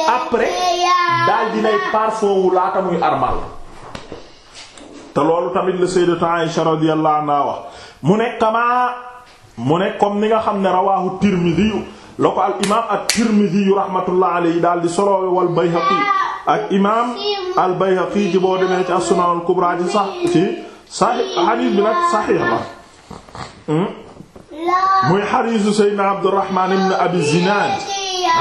après daal dinay parfum wu laata muy armal te loolu tamit la sayyidatu Aisha radiyallahu anha wax mu ne kamaa mu ne comme ni nga xam ne rawahu Tirmidhi la ko al imaam at-Tirmidhi rahmatullah alayhi daal di solo wal Bayhaqi ak imaam al Bayhaqi ci boo demee ci as al-Kubra ci sax ci bi nag saxiix la hmm? muy xariisu seydna abdurahmaan ibn abi zinaad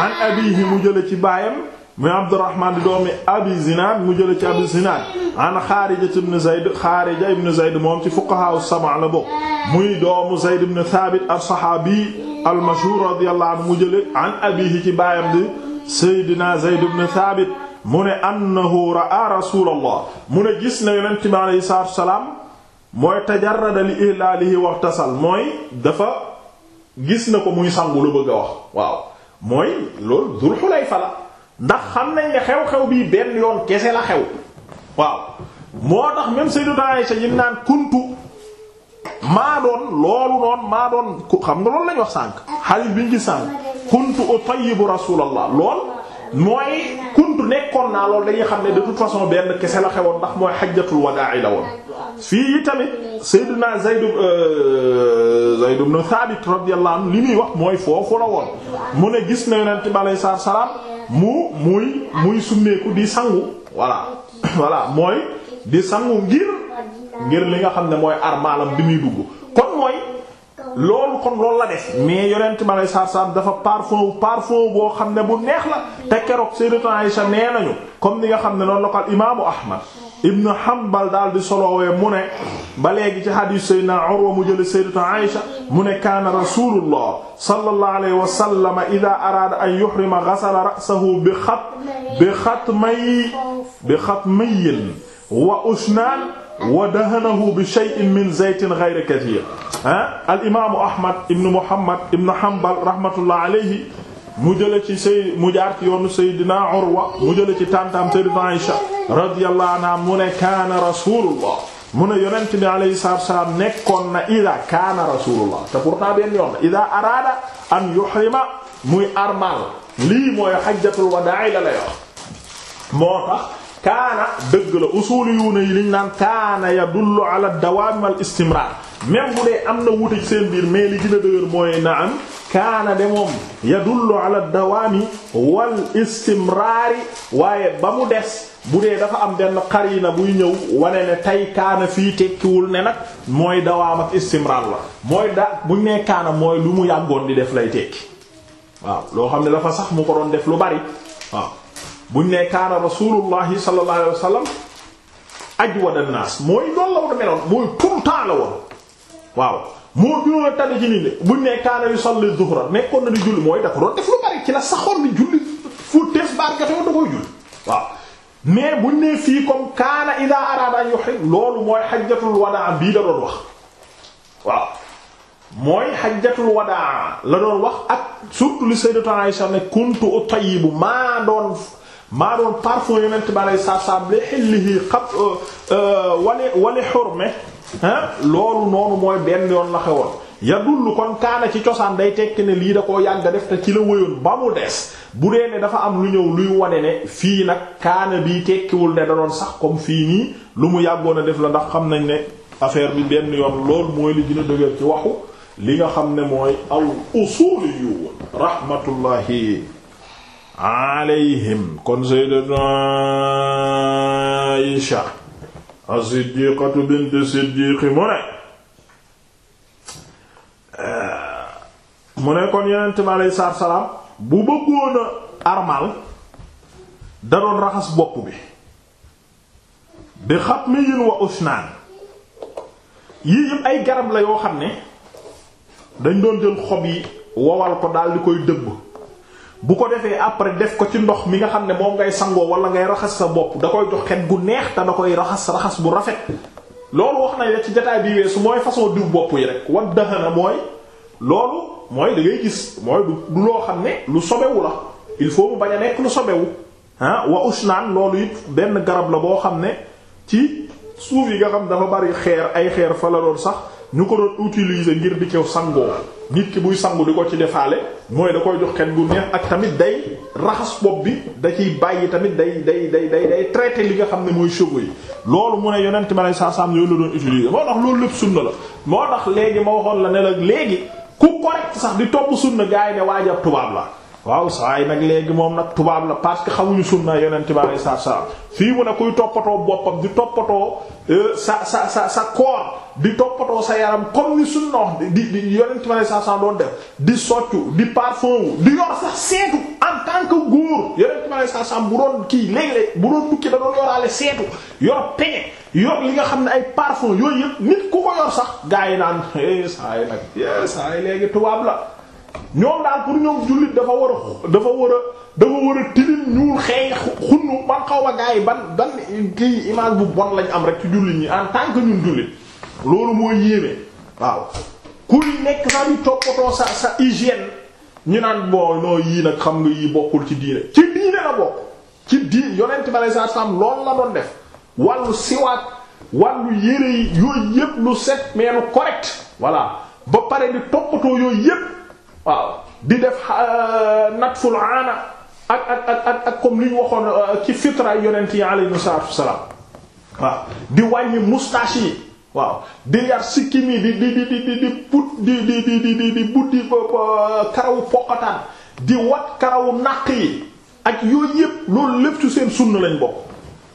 an abiihi mu jële ci baayam muy abdurahmaan di doomi abi zinaad mu jële ci abi zinaad an xaarija ibn zayd xaarija ibn zayd moom ci fuqahaa sab'a la bokk muy doomu zayd ibn thaabit as-sahaabi al-mashhuur radiyallahu anhu mu jële an abiihi ci baayam di seydna zayd ibn thaabit mu ne annahu ra'a rasuulallah mu ne gis na yonent bi alayhi salaatu wa salaam mooy tajarrada li ilaalihi waxtasal mooy dafa gis na ko muy sangu lu bëgg a wax waaw mooy loolu Dul fa la ndax xam nañ ne xew-xew bii benn yoon kese la xew waaw moo tax même Sayyidatu Aisha yi naan kuntu maa doon loolu noonu maa doon xam nga loolu lañ wax sànq xaalis bi ñu gis sànq kuntu utayyibu Rasulallah lool mooy. lu nekkoon naa loolu dañuy xam ne de toute façon benn kese la xewoon ndax mooy xajjatul wadaa la woon fii tamit Seydina Zayd euh, Zayd ibn Thabit radiyallahu anhu li muy wax mooy foofu la woon mu ne gis na yonent bi alayhi salaam mu muy muy summeeku di sangu walla voilà mooy di sangu ngir ngir li nga xam ne mooy armaalam bi muy dugg loolu kon loolu la def mais yonent ma lay saar dafa parfum parfum boo xam ne bu neex la te keroog Sayyidatu Aïsha nee nañu comme ni nga xam ne noonu la ko al imaamu Ahmad ibn Hanbal daal di solowee mu ne ba léegi ci hadiis Sayyidina mu jële Sayyidatu Aïsha mu ne kaana Rasuulullah sallallahu alayhi wa sallam idaa araada an yuhrima ghasala ra'sahu bi xat bi xatmayn bi xatmayn wa usnaan wa dahanahu bi shay'in min zaytin ghayri kathir ah al imaamu Ahmad ibn Muhammad ibn Hanbal rahmatullah alayhi mu jële ci say mu jaar ci yoonu Seydina Urwa mu jële ci tantam Seydina Aïsha radiyallahu anha mu ne kaana rasulullah mu ne yonent bi alayhi salaatu wassalaam nekkoon na ida kaana rasulullah te pourtant benn yoon ida araada an yuhrima muy armal lii mooy hajjatul wadaa la lay wax moo tax kaana dëgg la usuliyuuna yi liñ naan kaana yadullu ala dawaam al istimrar même bu dee am na wuute seen biir mais li gën a dëgër mooy na am kaana de moom yadullu ala dawaami wal istimraari waaye ba mu des bu dee dafa am benn xarina buy ñëw wane ne tey kaana fii tekkiwul ne nag mooy dawaam ak istimraar la mooy da buñ nee kaana mooy lu mu yàggoon di def lay tekki waaw loo xam ne dafa sax mu ko doon def lu bari waaw buñ ne kaana rasulullahi sallallahu alayhi wa mooy loolu la war a meloon mooy tout le temps la woon waaw moo gënoon a tane ci nit ñi buñ ne kaana yusalli zuhra nekkoon na di julli mooy da doon def lu bari ci la saxoon di julli fu tees baar gate woon da koy julli waaw mais buñ ne fii comme kaana ida araada an yuhrim loolu mooy xajjatul wadaa bii da doon wax waaw la doon wax ak surtout li sayyidatu Aisha maa doon maa doon parfum yonent bi saab salaatu salaam li xillihi xab euh, euh, wali wali xurme loolu noonu mooy benn yoon la xewoon yadullu kon kaana ci cosaan day tekki ne lii da koo yàgg def ci la wëyoon ba mu des bu dee ne dafa am lu ñëw luy wane ne fii nag kaana bi tekkiwul de da doon sax comme fii nii lu mu yàggoon a def la ndax xam nañ ne affaire bi benn yoon loolu mooy li gën dëgër ci waxu li nga xam ne mooy aw usuuli yu alayhim kon sayyidatu Aisha as-Siddiqatu bint Siddiq mu ne mu ne kon yonent bi aleyhi salaatu salaam bu bëggoon a armal da doon raxas bopp bi bi xatmiyin wa usnaan yii yëpp ay garab la yoo xam ne dañ doon jël xob yi wowal ko daal di koy dëbb bu ko defee après def ko ci ndox mi nga xam ne moom ngay sangoo wala ngay raxas sa bopp da koy jox xet gu neex te da koy raxas raxas bu rafet loolu wax nañ la ci jotaay bi weesu mooy façon diw bopp yi rek wat daxa na mooy loolu mooy da ngay gis mooy du loo xam ne lu sobewu la il faut mu bañ a nekk lu sobewu ah wa usnaan loolu it benn garab la boo xam ne ci suuf yi nga xam dafa bari xeer ay xeer fa la doon sax ñu ko doon utiliser ngir di ko sangoo nit ki buy sangu di ko ci defaale mooy da koy jox kenn bu neex ak tamit day raxas bopp bi da ciy bàyyi tamit day day day day day traité li nga xam ne mooy cheveux yi loolu mu ne yonent ma lay saasaam yooyu la doon utiliser moo tax loolu lépp sunna la moo tax léegi ma waxoon la ne la léegi ku correct sax di topp sunna gaa yi ne waajab tubaab la waaw saa yi nag léegi moom nag tubaab la parce que xamuñu sunna yonent bi alayhi salaatu fii mu ne kuy toppatoo boppam di toppatoo euh, sa sa sa sa koor di toppatoo sa yaram comme ni sunna wax di di yonent bi alayhi salaatu salaam doon def di soccu di parfum di yor sax seetu en tant que góor yonent bi alayhi salaatu bu doon kii léeg-léeg bu doon tukki da yoraale seetu yor peñe yor li nga xam ne ay parfum yooyu yëpp nit ku ko yor sax gaa yi naan saa eh, saa eh, léegi tubaab la. ñoom daal pour ñoom jullit dafa war a dafa war a dafa war a tilim ñuul xeey xunnu man xaw ma gars yi ban ban kii image bu bon lañ am rek ci jullit ñi en tant que ñun jullit loolu mooy yéeme waaw kuy nekk naa ñu toppatoo sa sa hygiène ñu naan boo noo yii nag xam nga yii bokkul ci diine ci diine la bokk ci diine yonent bi alayhi salaam loolu la doon def wàllu siwaat wàllu yére yi yooyu yëpp lu set mais lu correct voilà ba pare di toppatoo yooyu yëpp. waaw di def euh, natful aana ak ak ak ak comme li waxoon euh, ci fitra yonent yi alayhi salaatu wassalaam waaw di wàññi moustache yi waaw di yar sikkim yi di di di di di put di di di di di di buddi euh, karawu poqataan di wat karawu naq yi ak yooyu yépp loolu lépp ci seen sunna lañ bokk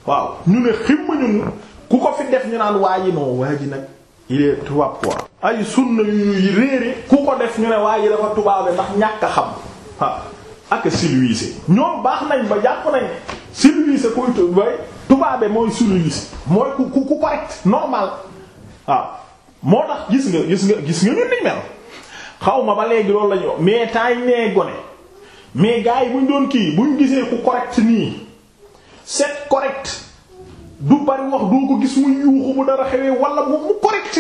waaw ñu ne ximma ku ko fi def ñu naan waa ji non waa ji nag il est tubaab quoi. ay sunna yu réere ku ko def ñu ne waaye yi dafa tubaabe ndax ñàkk a xam waaw ak a civilisé baax nañ ba jàpp nañ civilisé kuy tubaabe tubaabe mooy civilisé mooy ku ku ku correct normal waaw moo tax gis nga gis nga gis nga ñun niñ mel xaw ma ba léegi lool la ñu mais temps yi nee gone mais gars yi buñ doon kii buñ gisee ku correct nii c'est correct. du bari wax doo ko gis muy yuuxu bu dara xewee wala bu mu correct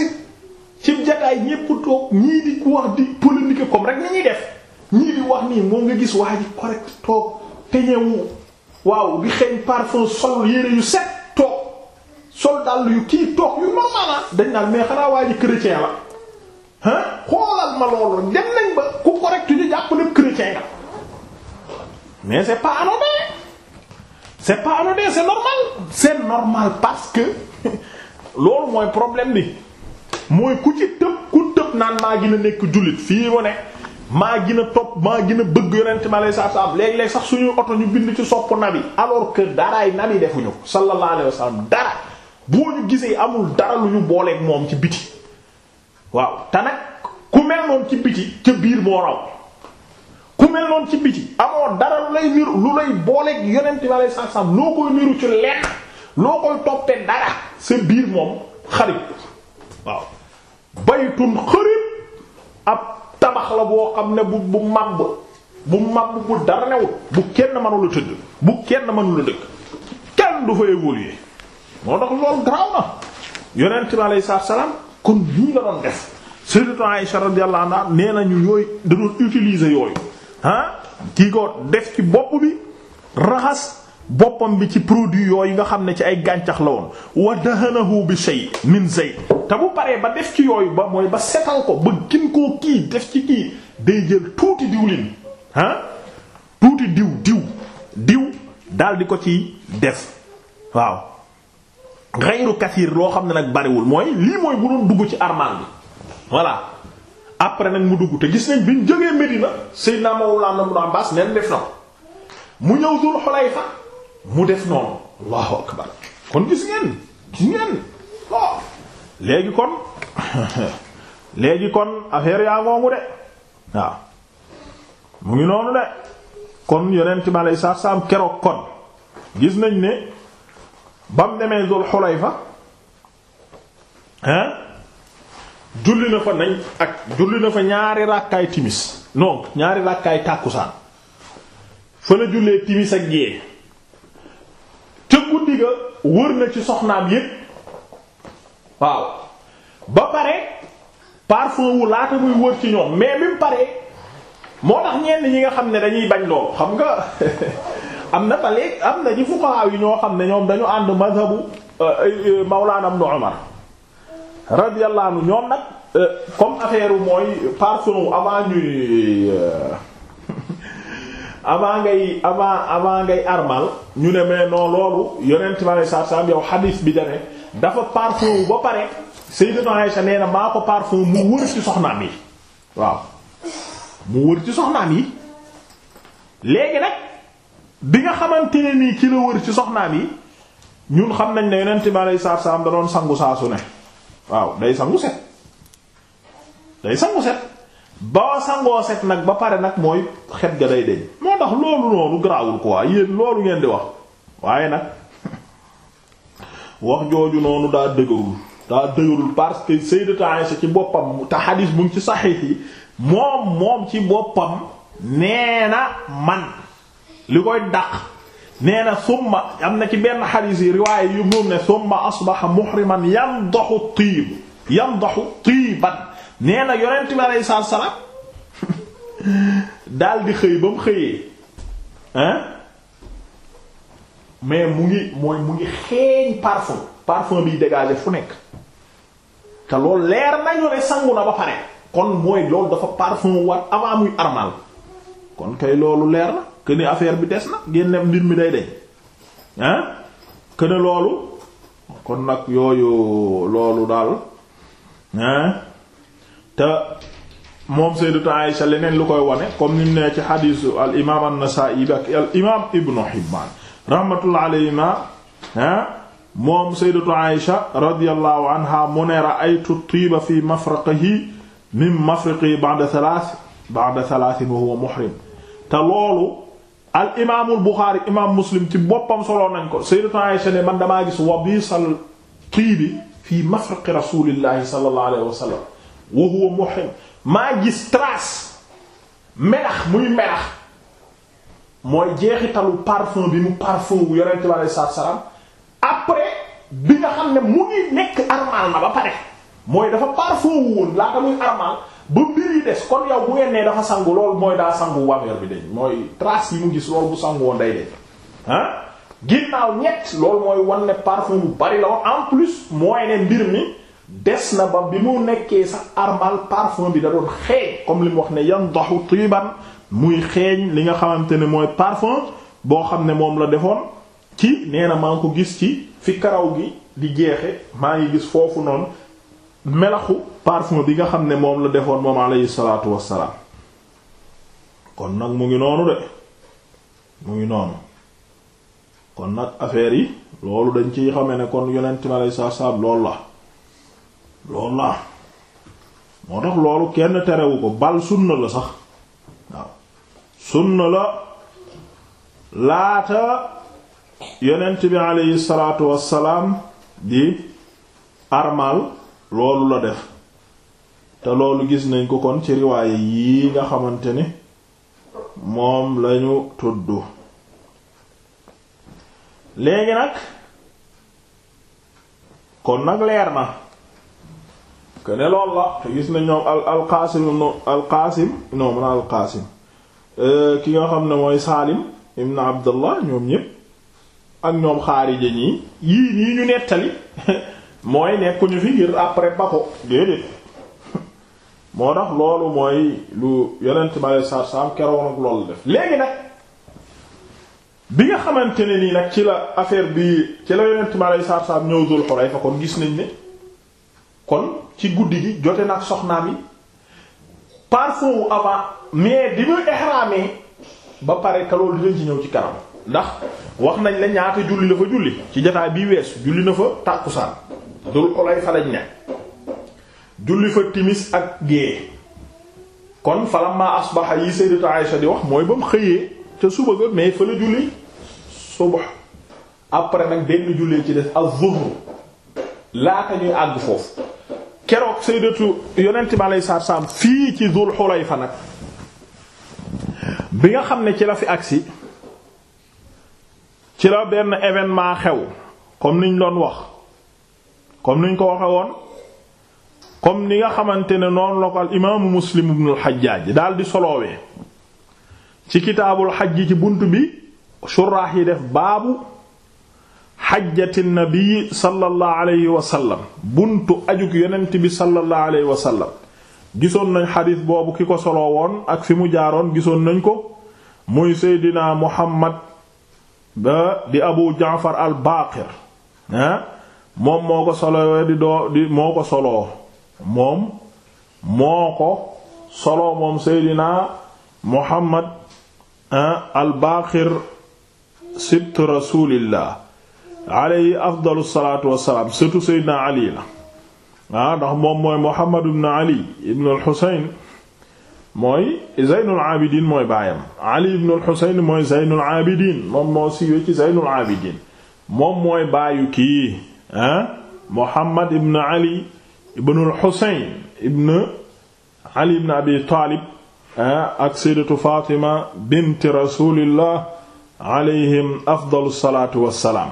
ci jataay ñépp toog ñii di wax di polémique comme rek ni ñuy def ñii di wax nii moom nga gis waa ji correct toog peñewu waaw di xeeñ parfum sol yére yu set toog sol dàll yu kii toog yu normal ah. dañ naan mais xanaa waa ji chrétien la ah xoolal ma loolu dem ba ku correct ñu jàpp ne chrétien nga mais c'est pas anodin c'est pas de c'est normal c'est normal parce que loolu mooy problème bi mooy ku ci tëb ku tëb naan maa gën a nekk jullit fii mu ne maa gin a topp maa gën a bëgg yonent ma lay saab saab léeg-léeg sax suñuy oto ñu bind ci sopp nabi alors que daraay nabi defuñu ko sallallahu alayhi wa sallam dara boo ñu gisee amul dara lu ñu booleeg moom ci biti waaw te nag ku mel noonu ci biti ca biir moo raw ku mel noonu ci biti amoo dara lu lay niru lu lay booleeg yonent bi alayhi salaam loo koy ci lenn loo koy toppee dara sa biir moom xarit waaw tabax la boo xam ne bu bu màbb bu màbb bu dara newut bu kenn mënula tëdd bu kenn mënula dëkk kenn du fa évoluer moo tax loolu garaaw na yonent bi alayhi salaam kon nii la doon def sayyidatu Aisha radiyallahu anha nee nañu yooyu da doon yooyu ah kii def ci bopp bi raxas boppam bi ci produit yooyu nga xam ne ci ay gàncax la woon wa dahanahu bi sey min sey te bu paree ba def ci yooyu ba mooy ba setal ko ba gin koo kii def ci kii day jël tuuti diwlin ah tuuti diw diw diw daal di ko ci def waaw ghayru kathir loo xam ne nag bariwul mooy lii mooy bu doon dugg ci armal bi voilà après nag mu dugg te gis nañ bi ñu jógee Medina Seydina Mawlana Ibn Abbas neen def na ko mu ñëw Dul Xulayfa mu def noonu kon oh. léegi kon léegi kon affaire yaa ngoomu waaw mu ngi noonu de kon yonent mi aleyhi salaatu salaam keroog kon gis nañ ne bam demee Dul Xulayfa hein julli na fa nañ ak julli na fa ñaari ràkkaay timis non ñaari ràkkaay tàkkusaan fa la jullee timis ak gée ca guddi ga wër na ci soxnaam yépp waaw ba pare parfum laata muy wër ci ñoom mais bi mu pare moo tax ñenn ñi nga xam ne dañuy bañ loolu xam nga am na ba am na ci fuqaha yi ñoo xam ne ñoom dañu ànd mazhabu euh, euh, Mawlana Ibn Umar radiyallahu anhu ñoom nag euh, comme affaire mooy parfum avant ñuy euh, avant ngay avant avant ngay armal ñu ne mais non loolu yonent bi saa saam yow hadith bi dane dafa parfum ba pare Sayyidatu Aisha nee na maa ko parfum mu wër ci soxnaam yi waaw mu wër ci soxnaam yi léegi nag bi nga xamante ne nii ci la wër ci soxnaam yi ñun xam nañ ne yonent bi saa saam da sangu saa ne. waaw day sangu set day sangu set ba sangoo set nag ba pare nag mooy xet ga day deñ moo tax loolu noonu garaawul quoi yéen loolu ngeen di wax waaye nag wax jooju noonu daa dëgërul daa dëgërul parce que Sayyidatu Aisha ci boppam te xadiis mu ci saxiix yi moom moom ci boppam nee na man li koy dàq nee na summa am na ci benn xadis yi riwaayé yu moom ne summa asbaha muhriman yandaxu tiib yandaxu tiiban nee na yonent bi aleyhi salaatu wa di xëy ba mu xëyee mais mu ngi mooy mu ngi xeeñ parfum parfum biy dégagé fu nekk te loolu leer nañu ne sangu na ba pare kon mooy loolu dafa parfum war avant muy kon kay loolu leer na que ni affaire bi des na génne mbir mi day deñ ah que loolu kon nag yooyu loolu daal ah te moom Sayyidatu Aïsha leneen lu koy wane comme ni mu ne ci xadiisu al imaam an Ibnu Hibbaan rahmatullah alayhima moom Sayyidatu Aïsha radiyallahu anha mu ne ra'aytu tiiba fi mafraqihi min mafriqi ba'da thalath ba'da thalathin wa huwa muhrim te loolu al imaamul Buxaari imaam Muslim ci boppam soloon nañ ko sayyidatu Aisha ne man damaa gis wabisal tiibi fii mafraqi rasulillahi sallallahu alayhi wa sallam wa huwa muhrim maa gis trace melax muy melax mooy jeexitalu parfum bi mu parfum wu yonente bi alayhi salaatu salaam après bi nga xam ne mu ngi nekk armal na ba pare mooy dafa parfum wu woon laata muy armal ba mbir yi des kon yow bu ngeen nee dafa sangu loolu mooy daa sangu waweer bi dañ mooy trace yi mu gis lool bu sangu woon day def ah ginnaaw ñett loolu mooy wan ne parfum bu bari la woon en plus mooy ne mbir mi des na ba bi mu nekkee sax armal parfum bi da doon xeeñ comme li mu wax ne yandaxu tiiban muy xeeñ li nga xamante ne mooy parfum boo xam ne moom la defoon ci nee na maa ngi ko gis ci fi karaw gi di jeexe maa ngi gis foofu noonu melaxu parfum bi nga xam ne moom la defoon moom alayhi salaatu wassalaam kon nag mu ngi noonu de mu ngi noonu kon nag affaire yi loolu dañ ciy xame ne kon yonent mi alayhi salaatu wassalaam loolu la loolu la moo tax loolu kenn terewu ko bal sunna la sax waaw sunna la laata yonent bi alayhi salaatu wassalaam di armal loolu la def te loolu gis nañ ko kon ci riwaaye yii nga xamante ni moom lañu tudd léegi nag kon nag leer na que ne la te gis nañ ñoom al alqaasim no alqaasim non mën a alqaasim euh, ki nga xam ne mooy Saalim ibn Abdallah ñoom ñépp ak ñoom xaarija ñii yii nii ñu nettali mooy nekkuñu fi ngir après ba ko déedéet moo tax loolu mooy lu yonent bi alei satu salaam keroon ak loolu def léegi nag bi nga xamante ni nii nag ci la affaire bi ci la yonent bi alei satu salaam ñëw Dul Xulayfa kon gis nañ ni kon ci guddi gi jote nag soxnaam yi parfois wu avant mais di muy ihramé ba pare te loolu dinañ ci ñëw ci kanam ndax wax nañ la ñaata julli la fa julli ci jotaay bi weesu julli na fa tàkkusaan dul xolay fa lañ ne julli fa timis ak gée kon falamma asbaha yi sayyidatu Aisha di wax mooy ba mu xëyee ca suba ga mais fa la julli suba après nag benn jullee ci des az-zuhr laata ñuy àgg foofu keroog sayyidatu yonent bi alayhi salaatu fii ci Dul Xulayfa nag bi nga xam ne ci la fi agsi ci la benn événement xew comme niñ doon wax comme niñ ko waxe woon comme ni nga xamante ne noonu la ko al imaamu muslim ibnul xajjaaj daal di soloowee ci kitaabul xaj ci bunt bi suraax yi def baabu xajjati nabii sallallahu alayhi wa sallam buntu ajug yonent bi sallallahu alayhi gisoon nañ xadiis boobu ki ko soloo woon ak fi mu jaaroon gisoon nañ ko muy seydina muhammad ba di abu jaafar al baaqir ah. moom moo ko moo ko soloo moom moo ko soloo moom seydinaa muhammad ah, al baqir sibt rasulillah alayhi afdalu salaatu wassalaam surtout seydinaa ali la ah, ndax moom mooy muhammad ibn ali ibn al mooy zeynul abidin mooy baayam ali ibn al mooy zeynul abidin moom mooy baayu kii ah Muhammad ibn Ali ibn al-Husayn ibn Ali ibn Abi Taalib ak sayyidatu Fatima bint Rasulillah alayhim afdalu salaatu wassalaam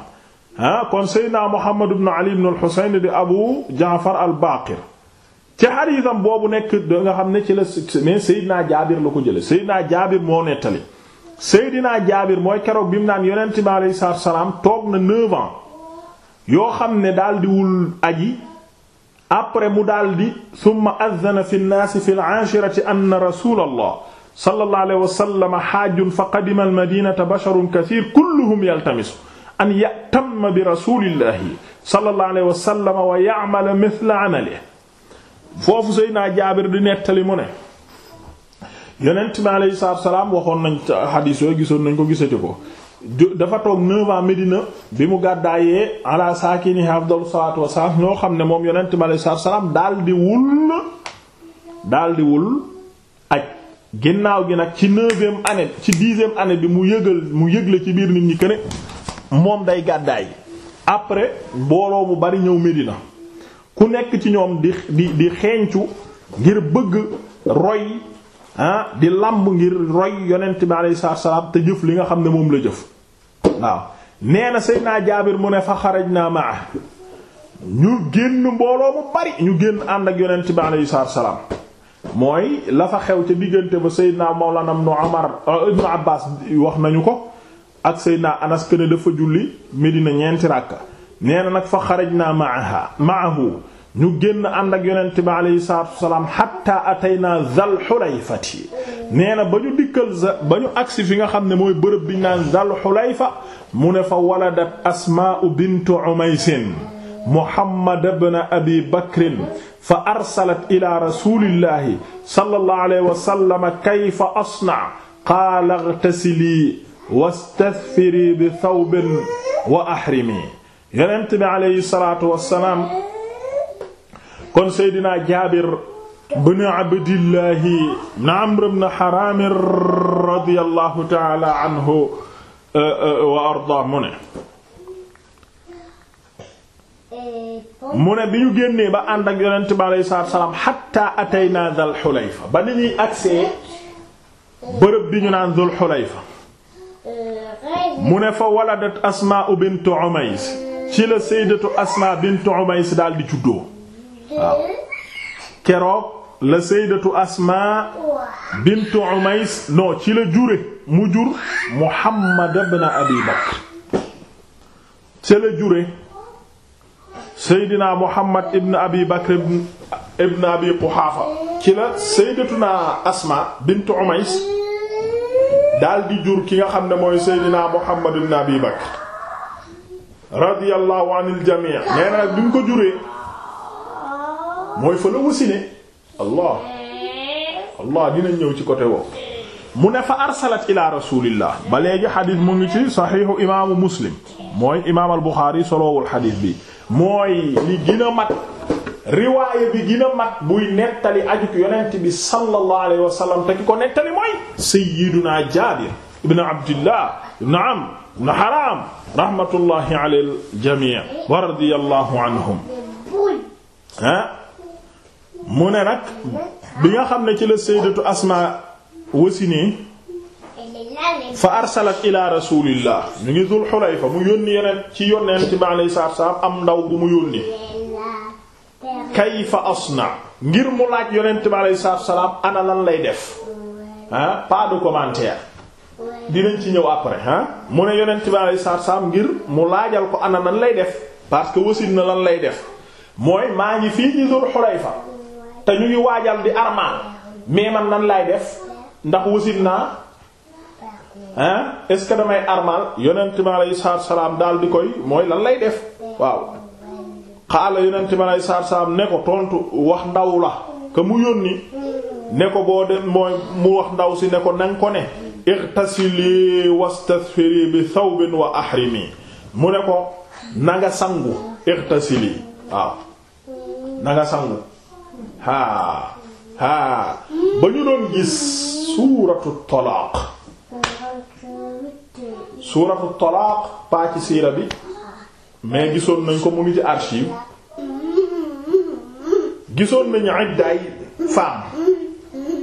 ah kon Seydina Muhammad ibn Ali ibn al-Husayn di Abu Jaafar al-Baaqir ci xadiisam boobu nekk da nga xam ne ci la mais Seydina Jaabir la ko jële Seydina Jaabir moo nettali Seydina Jaabir mooy keroog bi mu naan Yonent bi alayhi salaatu wassalaam toog na 9 ans. yoo xam ne daldiwul aji après mu daldi summa azzana fi nnaasi fi al-aashirati anna rasuulallah sallallahu alayhi wa sallam haajjun fa qadima al-madiinata basharun kathiir kulluhum an ya'tamma bi rasuulillahi wa sallam wa ya'mala mithla amalihi foofu Jaabir di nettali mu ne yonent bi alayhi salaam waxoon nañ hadiis gisoon nañ ko gisati ko dafa toog neuf Medina bi mu gàddaayee ala saakini afdalu salaatu wasalaam ñoo xam ne moom yonent mi alayhi salaatu wasalaam daal di wul daal di ginnaaw gi nag ci neuvième année ci dixième année bi mu yëgal mu yëgle ci biir nit ñi këne moom day gàddaay après mbooloo mu bari ñëw Medina ku nekk ci ñoom di di di xeeñcu ngir bëgg roy Ah, di làmb ngir roy yonent bi alayhi salaam te jëf li nga xam ne moom la jëf waaw nee na Seydina Jaabir mu ne fa xarajnaa maa ñu génn mbooloo mu bari ñu génn ànd ak yonent bi alayhi salaam mooy la fa xew ca diggante ba Seydina Mawlana ibnu Umar euh, ibnu Abbaas wax nañu ko ak Seydina Anas këne dafa julli Medina ñeenti ràkka nee na nag fa xarajnaa maaha maahu ñu génn ànd ak yonent bi aleyhi salaatu wasalaam xatta atayna zal xulayfati nee na ba ñu dikkal ba ñu agsi fi nga xam ne mooy bërëb bi ñu naan zal xulayfa mu ne fa waladat asmaa'u bintu umaysin muhammad ibn abi bakrin fa arsalat ila rasulillahi sallallahu alayhi wa sallam kayfa asna qaala ightasili wastadfiri bi thawbin wa ahrimi yonent bi aleyhi salaatu wasalaam kon Seydina Jaabir ibn Abdillah ibn Amr ibn Haram radiyallahu ta'ala anhu eh, eh, wa arda mu ne bi ñu génnee ba ànd ak yonent bi alayhi salaatu salaam atayna Dhul Hulayfa ba ni ñuy agsee bërëb bi ñu naan Dhul Hulayfa mu ne fa waladat Asmaa bint Umays ci la Asmaa bint Umays daal di juddoo waaw keroog la sayyidatu asma bintu umays non ci la jure mu jur muhammad ibn abi bakr ci la jure seydina muhammad ibn abi bakr ibn abi quhaafa ci la sayyidatuna asma bint umays daal di jur ki nga xam ne mooy seydina muhammad ibn abi bakr radiyallahu anil jami' nee na nag bi mu ko juree mooy fa la wasine allah allah dina ñëw ci côté woowu mu ne fa arsalat ila rasulillah ba léegi xadis mu ngi ci imaamu muslim mooy imaam al buxaari solowul xadis bi mooy li gën a mat riwaaya bi gën a mat buy nettali ajuk yonent bi sallallahu alayhi wa sallam te ko nettali mooy sayyiduna jaabir ibn abdillah ibn amr ibn haram rahmatullahi ala al jami' wa radiyallahu anhum ha mu ne nag bi nga xam ne ci la sayyidatu asma wasini fa arsalat ila rasulillah ñu ngi dul xulayfa mu yónni yeneen ci yonent bi alayhi salaatu am ndaw bu mu yónni fa asna ngir mu laaj yonent bi alayhi salaatu wa salaam ana lan lay def ah pas dinañ ci ñëw après ah mu ne yonent bi alayhi salaatu ngir mu laajal ko ana lan lay def parce que wasin na lan lay def mooy maa ngi fii ci dul xulayfa te ñu ngi waajal di armal mais man nan laay def ndax wasin naa hein est-ce que damay armal yonent mi alayhi salaatu salaam daal di koy mooy lan lay def waaw xaala yonent mi alayhi salaatu salaam ne ko tontu wax ndaw la que mu yónni ne ko boo dem mooy mu wax ndaw si ne ko nanga ko ne igtasili wastasfiri bi thawbin wa ahrimi mu ne ko nanga sangu igtasili waaw nanga sangu haa haa ba ñu doon gis suuratu talaaq suuratu talaaq paa ci siira bi mais gisoon nañ ko mu ngi ci archive gisoon nañu iddaay femme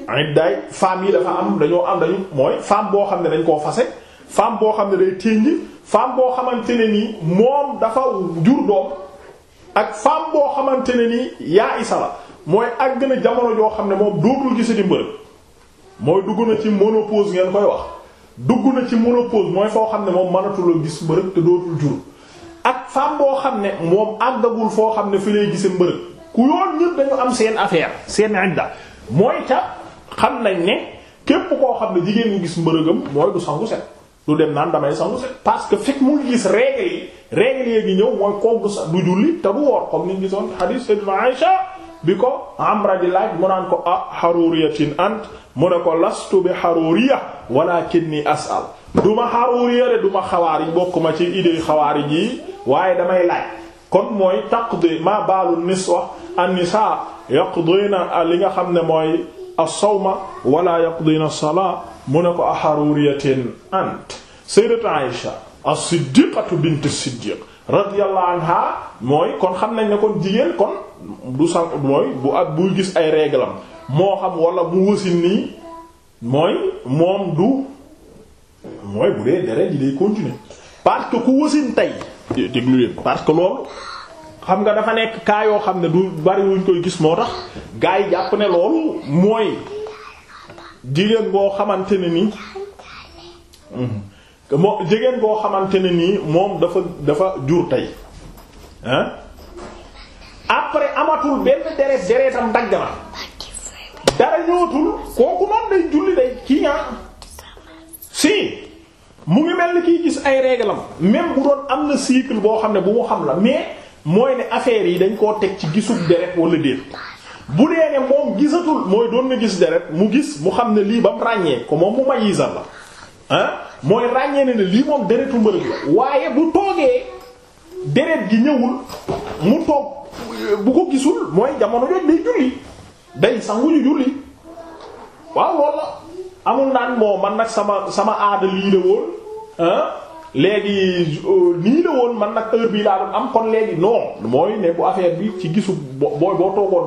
iddaay femme yi dafa am dañoo am dañu mooy femme boo xam ne dañ koo fase femme boo xam ne day ténj femme boo xamante ne nii moom dafa jur doom ak femme boo xamante ne nii yaa isa mooy àgg na jamono joo xam ne moom dootul gisati mbërëg mooy dugg na ci ménopause ngeen koy wax dugg na ci ménopause mooy foo xam ne moom mënatul a gis mbërëg te dootul jur ak femme boo xam ne moom àggagul foo xam ne fi lay gise mbërëg ku yoon ñëpp dañu am seen affaire seen idda mooy ca xam nañ ne képp koo xam ne jigéen ñu gis mbërëgam mooy du sangu set du dem naan damay sangu que fekk mu gis règle gi ñëw mooy koog du julli te du woor comme ni gisoon hadith Sayyidina bi ko Amra di laaj mu naan ko ah xaruriyatin ant mu ne ko lastu bi wala walakinni as'al duma xaruriya de duma xawaari bokkuma ci idée xawaari ji waaye damay laaj kon mooy taqdi ma baalu niswa an-nisaa yaqdina li nga xam ne mooy as-sawma wala yaqdina as-salaa mu ne ko ah xaruriyatin ant sayyidatu Aisha as-siddiqatu bint siddiq radiyallahu anha mooy kon xam nañ ne kon jigéen kon du sang mooy bu ab buy gis ay réglam moo xam wala mu wasin nii mooy moom du mooy bu dee deret yi day continuer parce que ku wasin tey parce que loolu xam nga dafa nekk cas yoo xam ne du bari wuñ koy gis moo tax gars jàpp ne loolu mooy jigéen boo xamante ne nii moo jigéen boo xamante ne nii moom dafa dafa jur tey hein après amatul benn deret deretam dagg na dara ñëwatul kooku noonu day julli day kii nga si mu ngi mel ni kiy gis ay réglam même bu doon am na cycle boo xam ne bu mu xam la mais mooy ne affaire yi dañ koo teg ci gisub deret wala déet bu dee ne moom gisatul mooy doon na gis deret mu gis mu xam ne lii bam mu ràññee ko moom mu mayizal la mooy ràññee na ne lii moom deretu mbërëg la waaye bu toogee deret gi ñëwul mu toog bu ko gisul mooy jamono jot day julli day sangu ñu julli waaw loolu la amul naan moo man nag sama sama aada lii la woon léegi euh, nii la woon man nag heure bii laa doon am kon léegi non mooy ne bu affaire bi ci gisu booy boo toogoon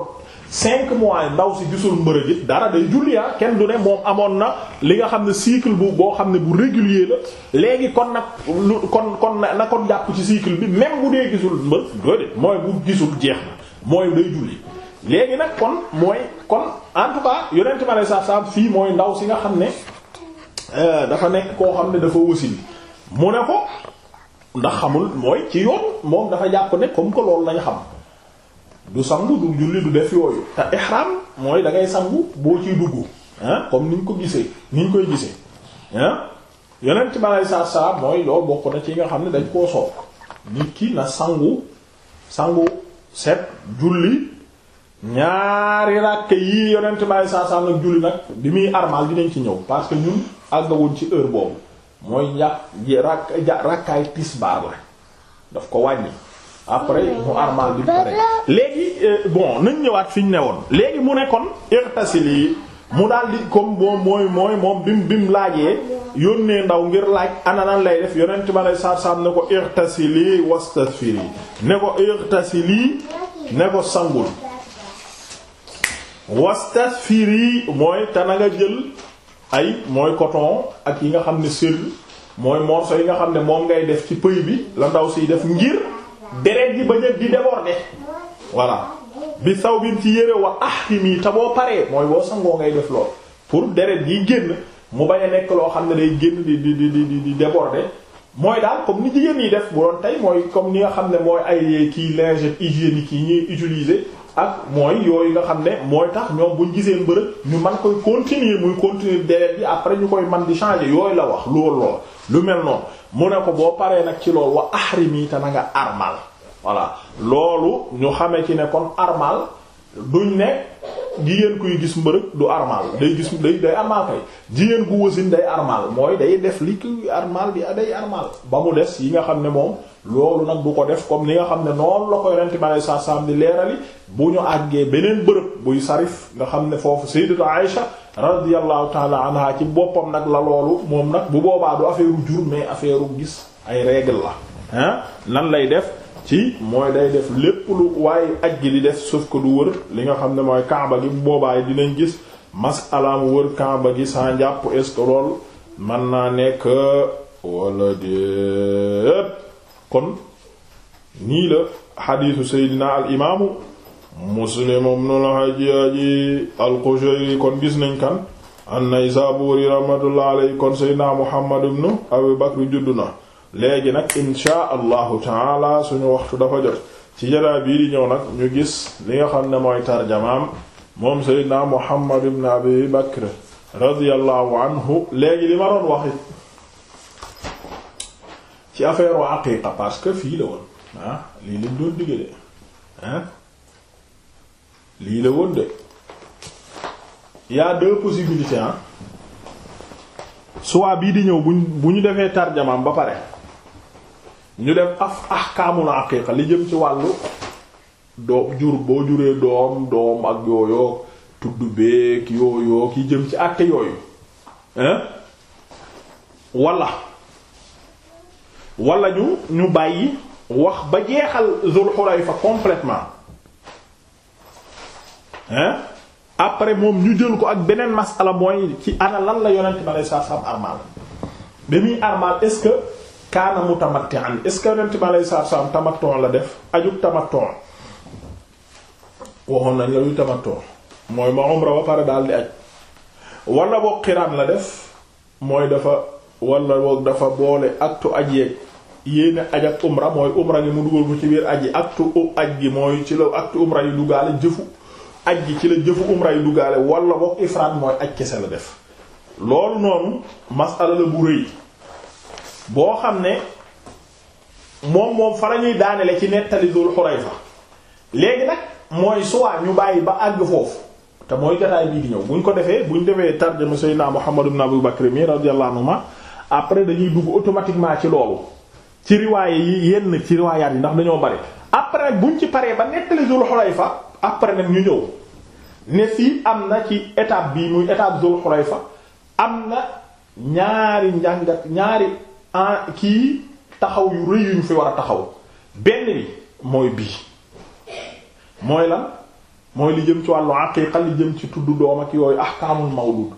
cinq mois ndaw si gisul mbërëgit dara day julli ah kenn du ne moom amoon na li nga xam ne cycle bu boo xam ne bu régulier la léegi kon nag kon kon na kon jàpp ci cycle bi même bu dee gisul mbër doodé mooy bu gisul jeex na mooy day julli léegi nag kon mooy kon en tout cas yonent ma lay sa fii mooy ndaw si nga xam ne euh, dafa nekk koo xam ne dafa wasin mu ne ko ndax xamul mooy ci yoon moom dafa jàpp ne comme que loolu lañ xam du sangu du julli du def yooyu te ihram mooy da ngay sangu boo ciy dugg ah comme niñ ko gisee niñ koy gisee ah yeneen ci balay mooy loo bokk na ci nga xam ne dañ koo soog nit ki na sangu sangu set julli ñaari ràkke yi yonent baay saasaan nag julli nag bi muy armal dinañ ci ñëw parce que ñun àggawuñ ci heure boobu mooy ñàkk ràkk ràkkaay tisbaar la daf ko wàññi après mu armal bi pare léegi euh, bon nañ ñëwaat fi ñu ne woon léegi mu ne kon irtasil mu daldi di comme moom mooy mooy moom bim bim laajee yónnee ndaw ngir laaj ana nan lay def yonent ma ne saab-saab ne ko irtasili wastasfiri ne ko irtasili ne ko sangul wastasfiri mooy te na nga jël ay mooy coton ak yi nga xam ne sër mooy morceau yi nga xam ne moom ngay def ci pëy bi la ndaw siy def ngir deret ji bañ a di déborder voilà bi saw bin ci yére wa ahtimi te boo paree mooy boo sangoo ngay def lool pour deret yi génn mu bañ a nekk loo xam ne day génn di di di di di déborder mooy daal comme ni jigéen yi def bu doon tey mooy comme ni nga xam ne mooy ay kii linge hygiénique yi ñuy utiliser ak mooy yooyu nga xam ne mooy tax ñoom buñ gisee mbërëg ñu man koy continuer muy continuer deret bi après ñu koy man di changer yooyu la wax lool lool lu mel noonu mu ne ko boo paree nag ci lool wa ahrim yi te na nga armal voilà loolu ñu xamee ci ne kon armal duñ ne jigéen kuy gis mbërëg du armal day gis day day armal kay jigéen ku wasin day armal mooy day def li ki armal bi day armal ba mu des yi nga xam ne moom loolu nag du ko def comme ni nga xam ne noonu la koy yonente bi alei satu salaam di leerali bu ñu àggee beneen bërëb buy sarif nga xam ne foofu sayyidatu Aïsha radiyallahu taala anha ci boppam nag la loolu moom nag bu boobaa du affaire u jur mais affaire u gis ay règle la ah nan lay def ci mooy day def lépp lu waaye aj gi di def sauf du wër li nga xam ne mooy kaaba gi boobaay dinañ gis masalaam wër kaaba gi sa njàpp est man naa nekk wala déet kon nii la xadiisu seydina al imaamu muslim ibnul hajjaaji al qushayri kon gis nañ kan an naysaburi rahmatullah alayhi kon seydina muhammad ibnu abu bakr juddu na léegi nag insha allahu taala suñu waxtu dafa jot ci jaraa bii di ñëw nag ñu gis li nga xam ne mooy tarjamaam moom seydina muhammad ibn abi bakr radiyallahu anhu léegi li ma doon wax ci affaire u aqiqa parce que fii la woon ah, lii lañ doon digge de ah, lii la woon de y a deux possibilités ah bii di ñëw bu ñu defee tarjamaam ba pare ñu dem af ahkaamul aqiqa li jëm ci wàllu doo jur boo juree doom doom ak yooyo tudd beeg yooyo ki jëm ci àtte yooyu hein wala wala ñu ñu bàyyi wax ba jeexal Zul fa complètement hein après moom ñu jël ko ak beneen masala mooy ci ana lan la yonent ma lay saa sam ba muy armal est kaana mutamatti'an est ce que yonent bi alayhi la def ajug tamattu' waxoon nañ la luy tamattu' mooy ma umra ba pare daal di aj wala boog xiraan la def mooy dafa wala boog dafa boole aktu aj yeeg yéene aj ak umra mooy umra gi mu dugal ko ci biir aj yi aktu aj gi mooy ci la aktu umra yi duggaale jëfu aj gi ci la jëfu umra yi duggaale wala boog ifraat mooy aj kese la def loolu noonu masala la bu rëy boo xam ne moom moom fa la ñuy daanele ci nettali Dul Xulayfa léegi nag mooy soit ñu bàyyi ba àgg foofu te mooy jotaay bii di ñëw buñ ko defee bu buñ defee tarjama Seydina Muhammad ibn Abu Bakr mi radiyallahu anhuma après dañuy dugg automatiquement ci loolu ci riwaaye yi yenn ci riwaayaat yi ndax dañoo bari après nag buñ ci paree ba nettali Dul fa après nag ñu ñëw ne fii am na ci étape bii muy étape Dul fa am na ñaari njàngat ñaari en kii taxaw yu rëy yu ñu fi war a taxaw benn bi mooy bii mooy lan mooy li jëm ci wàllu aqiqa li jëm ci tudd doom ak yooyu ahkaamul mawlud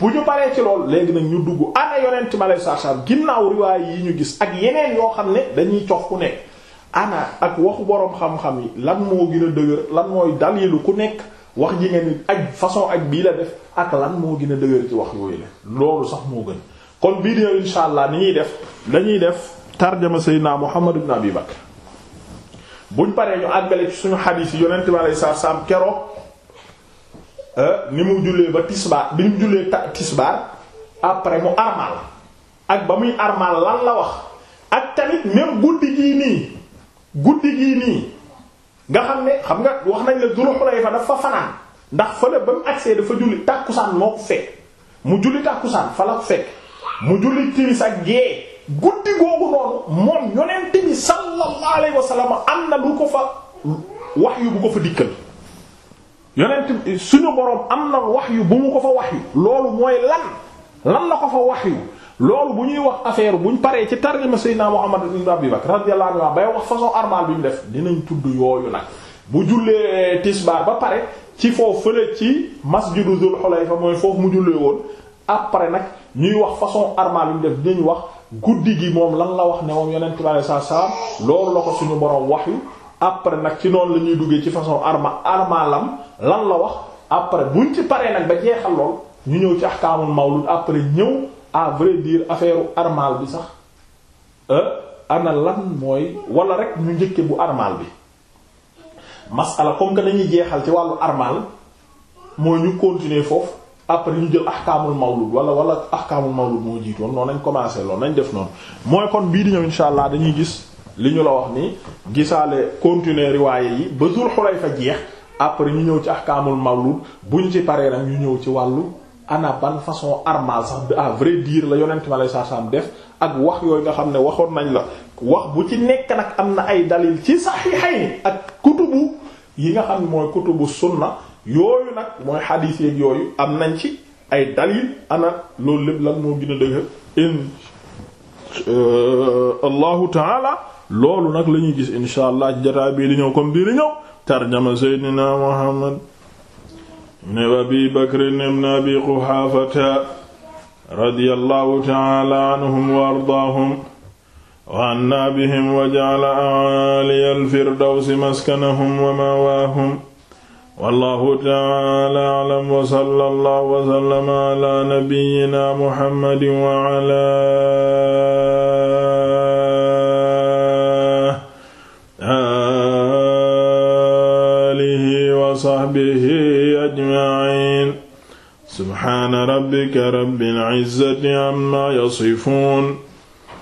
bu ñu paree ci lool léegi nag ñu dugg ana yonent ma lay sarsar ginnaaw riwaay yi ñu gis ak yeneen yoo xam ne dañuy cox ku nekk ana ak waxu boroom xam-xam yi lan moo gën a dëgër lan mooy dalilu ku nekk wax ji nga ni aj façon ak bii la def ak lan moo gën a dëgër ci wax yooyu la loolu sax moo gën kon bii di insha allah ni ñuy def dañuy def tarjama sayyidina Muhammad ibn Abi Bakr buñ paree ñu àggale ci suñu xadiis yi yonent bi alayhi salaam keroog euh, ni mu jullee ba tisbaar bi mu jullee tisbaar après mu armal ak ba muy armal lan la wax ak tamit même guddi gii nii guddi gii nii nga xam ne xam nga wax nañ la Dul Xulayfa dafa fanaan ndax fële ba mu agsee dafa julli tàkkusaan moo ko fekk mu julli tàkkusaan fa la ko fekk mu julli timis ak gee guddi googu noonu moom yonent bi sallallahu alayhi am na lu ko fa wahyu bu ko fa dikkal yonent suñu boroom am na wax wahyu bu mu ko fa wahyu loolu mooy lan lan na ko fa wahyu loolu bu ñuy wax affaire bu ñu paree ci tarjuma Seydina Muhammad ibn Abi Bakr radiyallahu anhu bay wax façon armal bi ñu def dinañ tudd yooyu nag bu jullee tisbaar ba pare ci foofu fële ci masjidu Zul Hulayfa mooy foofu mu jullee woon pare nag ñuy wax façon armal yu def dinañ wax guddi gi moom lan la wax ne moom yonent bi alayhi salaam loolu la suñu borom wax yu après nag ci noonu la ñuy duggee ci façon arma armalam lan la wax après buñ ci paree nag ba jeexal lool ñu ñëw ci ahkaamul mawlud après ñëw à vrai dire affaire armal bi sax euh, ana lan mooy wala rek ñu njëkke bu armal bi masala comme que dañuy jeexal ci wàllu armal mooy ñu continuer foofu après ñu jël ahkaamul mawlud wala wala ahkaamul mawlud moo jiitoon noonu nañ commencé loolu nañ def noonu mooy kon bii di ñëw insha allah dañuy gis li ñu la wax ni gisaale continuer riwaaye yi ba Zul fa jeex après ñu ñëw ci ahkaamul mawlud bu ñu ci paree nag ñu ñëw ci wàllu ana ban façon armal sax à vrai dire la yonent ma lay saa saam def ak wax yooyu nga xam ne waxoon nañ la wax bu ci nekk nag am na ay dalil ci saxiixayn ak kutubu yi nga xam ne mooy kutubu sunna yooyu nag mooy xadiis yooyu am nañ ci ay dalil ana loolu lépp lan moo gën a dëgër euh, allahu taala loolu nag la gis insha allah ci jataa ñëw comme bii ñëw tarjama seydina muhammad ne abi bakrin ibn abi quhaafata radiyallahu taala anhum wa ardaahum wa anna bihim wa ja'ala a'ali al-firdawsi wa ma'waahum wallahu taala alam wa sallallahu wa sallama ala nabiyyina muhammadin wa ala alihi wa sahbihi ajma'in subhaana rabbika rabbil izzati amma yasifun